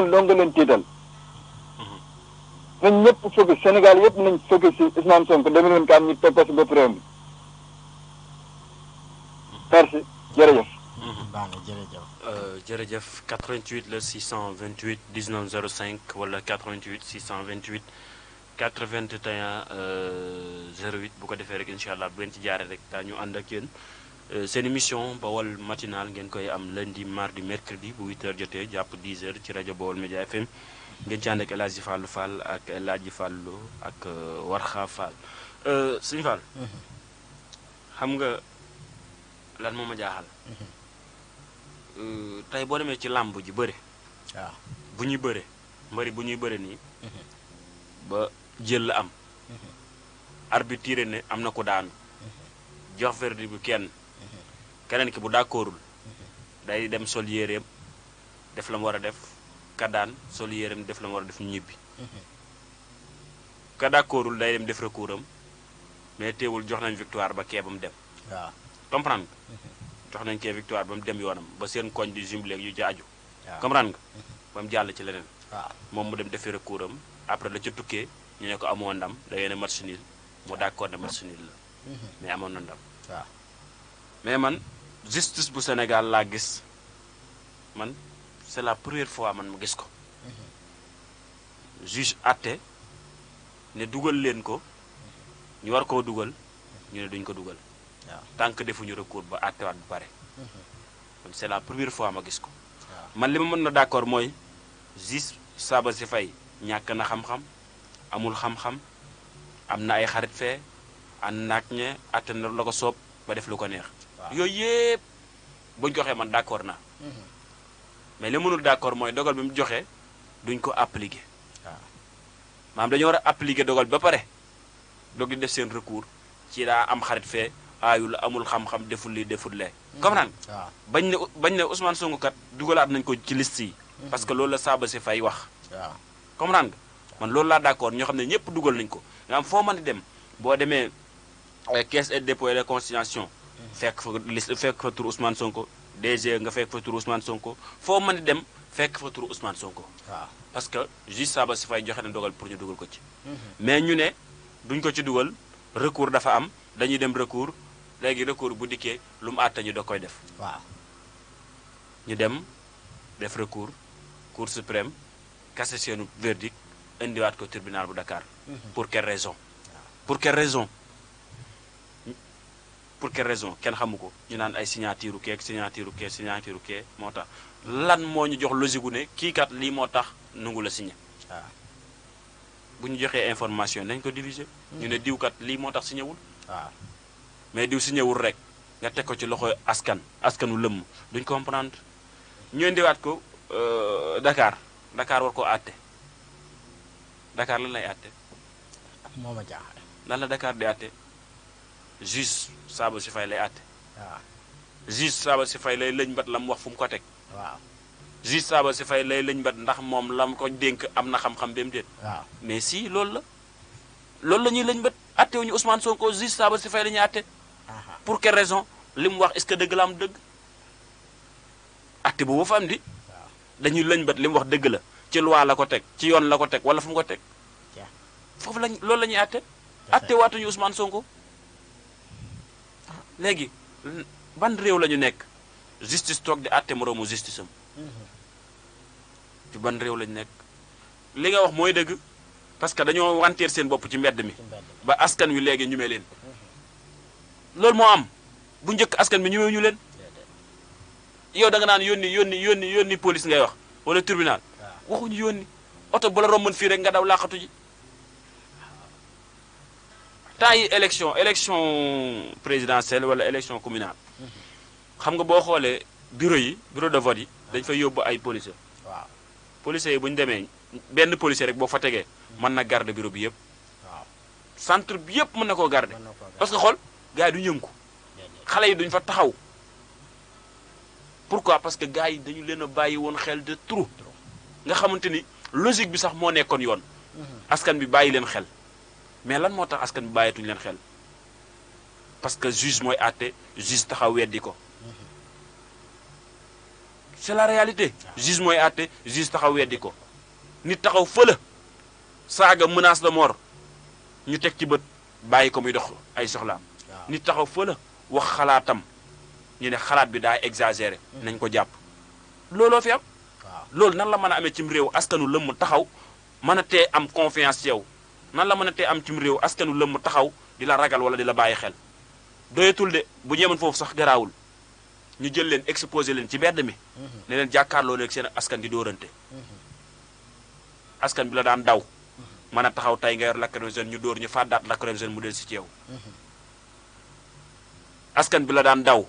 loolu doo nga leen tiital nañ ñëpp focus Sénégal yëpp nañ focus si Ousmane Sonko 2024 ñu teg ko si bopp réew mi merci jërëjëf. baax na jërëjëf. Euh, jërëjëf 88 la 628 19 05 wala 88 628 81 08 bu ko defee rek incha allah bu leen ci jaaree rek daa ñu ànd ak yéen. Euh, seen émission Baol matinal ngeen koy am lundi mardi mercredi bu 8h jotee jàpp 10h ci rajo Baol Média FM ngeen ci ànd ak El Hadji Fallou Fall ak El Hadji Fallou ak euh, Warxa Fall euh, Sëñ Fall. xam nga lan moo ma jaaxal. Mhm. tey boo demee ci làmb ji bëre. waaw bu ñuy bëre mbari bu ñuy bëre nii. Mhm. ba jël am. Mhm. arbitre ne am na ko daanu. jox verdict bi kenn. keneen ki bu d'accordul day dem sol yéreem def la mu war a def ka daan sol yéreem def la mu war def ñu ñibbi ka d'accordul day dem def recours am mais teewul jox nañ victoire ba kee ba mu dem. waaw comprendre nga. jox nañ kee victoire ba mu dem yoonam ba seen koñ di jumelé yu ca aju. waaw nga. ba mu jàll ci leneen. waaw moom mu dem defi recours am après la ca tukkee ñu ne ko amoon ndam da ngeen a match nul mu d'accord ne match nul la. Mhm. mais amoon na ndam. waaw mais man. justice bu Sénégal laa gis man c'est la première fois man ma gis ko juge àtte ne dugal leen ko ñu war koo dugal ñu ne duñ ko dugal waaw tant que defuñu recours ba àttewaat bu pare kon mhm. la première fois ma gis ko man li ma mën na d'accord mooy juge Sabassy Faye ñàkk na xam-xam amul xam-xam am na ay xarit fee ànd naak ñe àtte na la ko soob ba def lu ko neex yooyu yëpp buñ ko waxee man d'accord naa mhm. mais li mënul d'accord mooy dogal bi mu joxe duñ ko appliquer waaw ah. maanaam dañoo war a appliquer dogal ba pare doog di def seen recours ci daa am xarit fee aayul amul xam-xam deful lii deful lee mhm. comme naan ah. bañ ne bañ ne Ousmane Sonko kat dugalaat nañ ko ci liste yi mhm. parce que loolu la saaba si fay wax waaw ah. comme naan man loolu laa d'accord ñoo xam ne ñëpp dugal nañ ko nga am foo mën di dem boo demee eh, caisse et dépôt et consignation fekk fa liste fekk fa tur Ousmane Sonko DG nga fekk fa tur Ousmane Sonko foo mën di dem fekk fa tur Ousmane Sonko. ko parce que juste Saba si fay joxe na dogal pour ñu dugal ko ci. Mhm. mais ñu ne duñ ko ci dugal recours dafa am dañuy dem recours léegi recours bu dikkee lu mu àtte ñu da koy def. waaw ñu dem def recours cour suprême cassé seenu verdict indiwaat ko tribunal bu Dakar. Mhm. pour quelle raison. pour quelle raison. pour quelle raison kenn xamu ko ñu naan ay signature kee signature kee signature ke moo tax lan moo ñu jox logique gu ne kii kat lii moo tax nangu la signé ah. bu ñu joxee information nañ ko diviser. ñu ne hmm. diw kat lii moo tax signé wul ah. mais diw signé wul rek nga teg ko ci loxo askan askanu lëmm duñ comprendre ñu indiwaat ko euh, Dakar Dakar war ko ate dakaar lan lay àtte. moo ma jaaxal lan la Dakar di àtte. juge saaba si fay lay àtte waaw juge saaba si fay lay lëñ bat la mu wax fu mu ko teg waaw juge saaba si fay lay lëñ ndax moom lam ko dénk am na xam-xam ba mu déet waaw mais si loolu la loolu la ñuy lëñ bat wu ñu Ousmane Sonko juge saaba si fay la ñuy àtte pour quelle raison li mu wax est-ce que dëgg la am dëgg àtte boobu fa am di dañuy lëñ li mu wax dëgg la ci loi la ko teg ci yoon la ko teg wala fu mu ko teg foofu lañ loolu la ñuy àtte àtte waatuñu Ousmane Sonko léegi ban réew la ñu nekk justice toog di àtte moroomu justice am ci ban réew la ñu nekk li nga wax mooy dëgg parce que dañoo wanteer seen bopp ci mbedd mi ba askan wi léegi ñume leen loolu moo am bu njëkk askan bi ñume ñu leen yow da yoon naan yónni yónni yónni yónni police ngay wax wala tribunal waxuñu yónni oto bu la romboon fii rek nga daw laaxatu ji temps yi élection élection présidentielle wala élection communale xam nga boo xoolee bureau yi bureau de vote yi dañ fay yóbbu ay policiers. waaw policiers yi bu ñu demee benn policier rek boo fa tegee mën na garder bureau bi yëpp. centre bi yëpp mën na koo garder. parce que xool gars yi du yëngu. xale yi duñ fa taxaw. pourquoi parce que gars yi dañu leen a bàyyi woon xel de trop. nga xamante ni logique bi sax moo nekkoon yoon. Mhm. askan bi bàyyi leen xel. mais lan moo tax askan bi bàyyituñu leen xel parce que juge mooy àtte juge taxaw weddi ko c'est la réalité juge mooy àtte juge taxaw weddi ko nit taxaw fëla saaga menace de mort ñu teg ci bët bàyyi ko muy dox ay soxlaam nit taxaw fëla wax xalaatam ñu ne xalaat bi daa exagéré hmm. nañ ko jàpp looloo fi am loolu nan la mën a amee cim réew askanu lëmm taxaw mën a tee am confiance ci nan la mën a tee am cim réew askanu lëmm taxaw di la ragal wala di la bàyyi xel doyatul de bu ñeemoon foofu sax garaawul ñu jël leen exposé leen ci mbedd mi mhm. ne leen jàkkaarloo leen seen askan di dóorante mhm. askan bi la daan daw mhm. mën a taxaw tey nga yor lacrymogène ñu dóor ñu fàddaat lacrymogène mu del si ceew askan bi la daan daw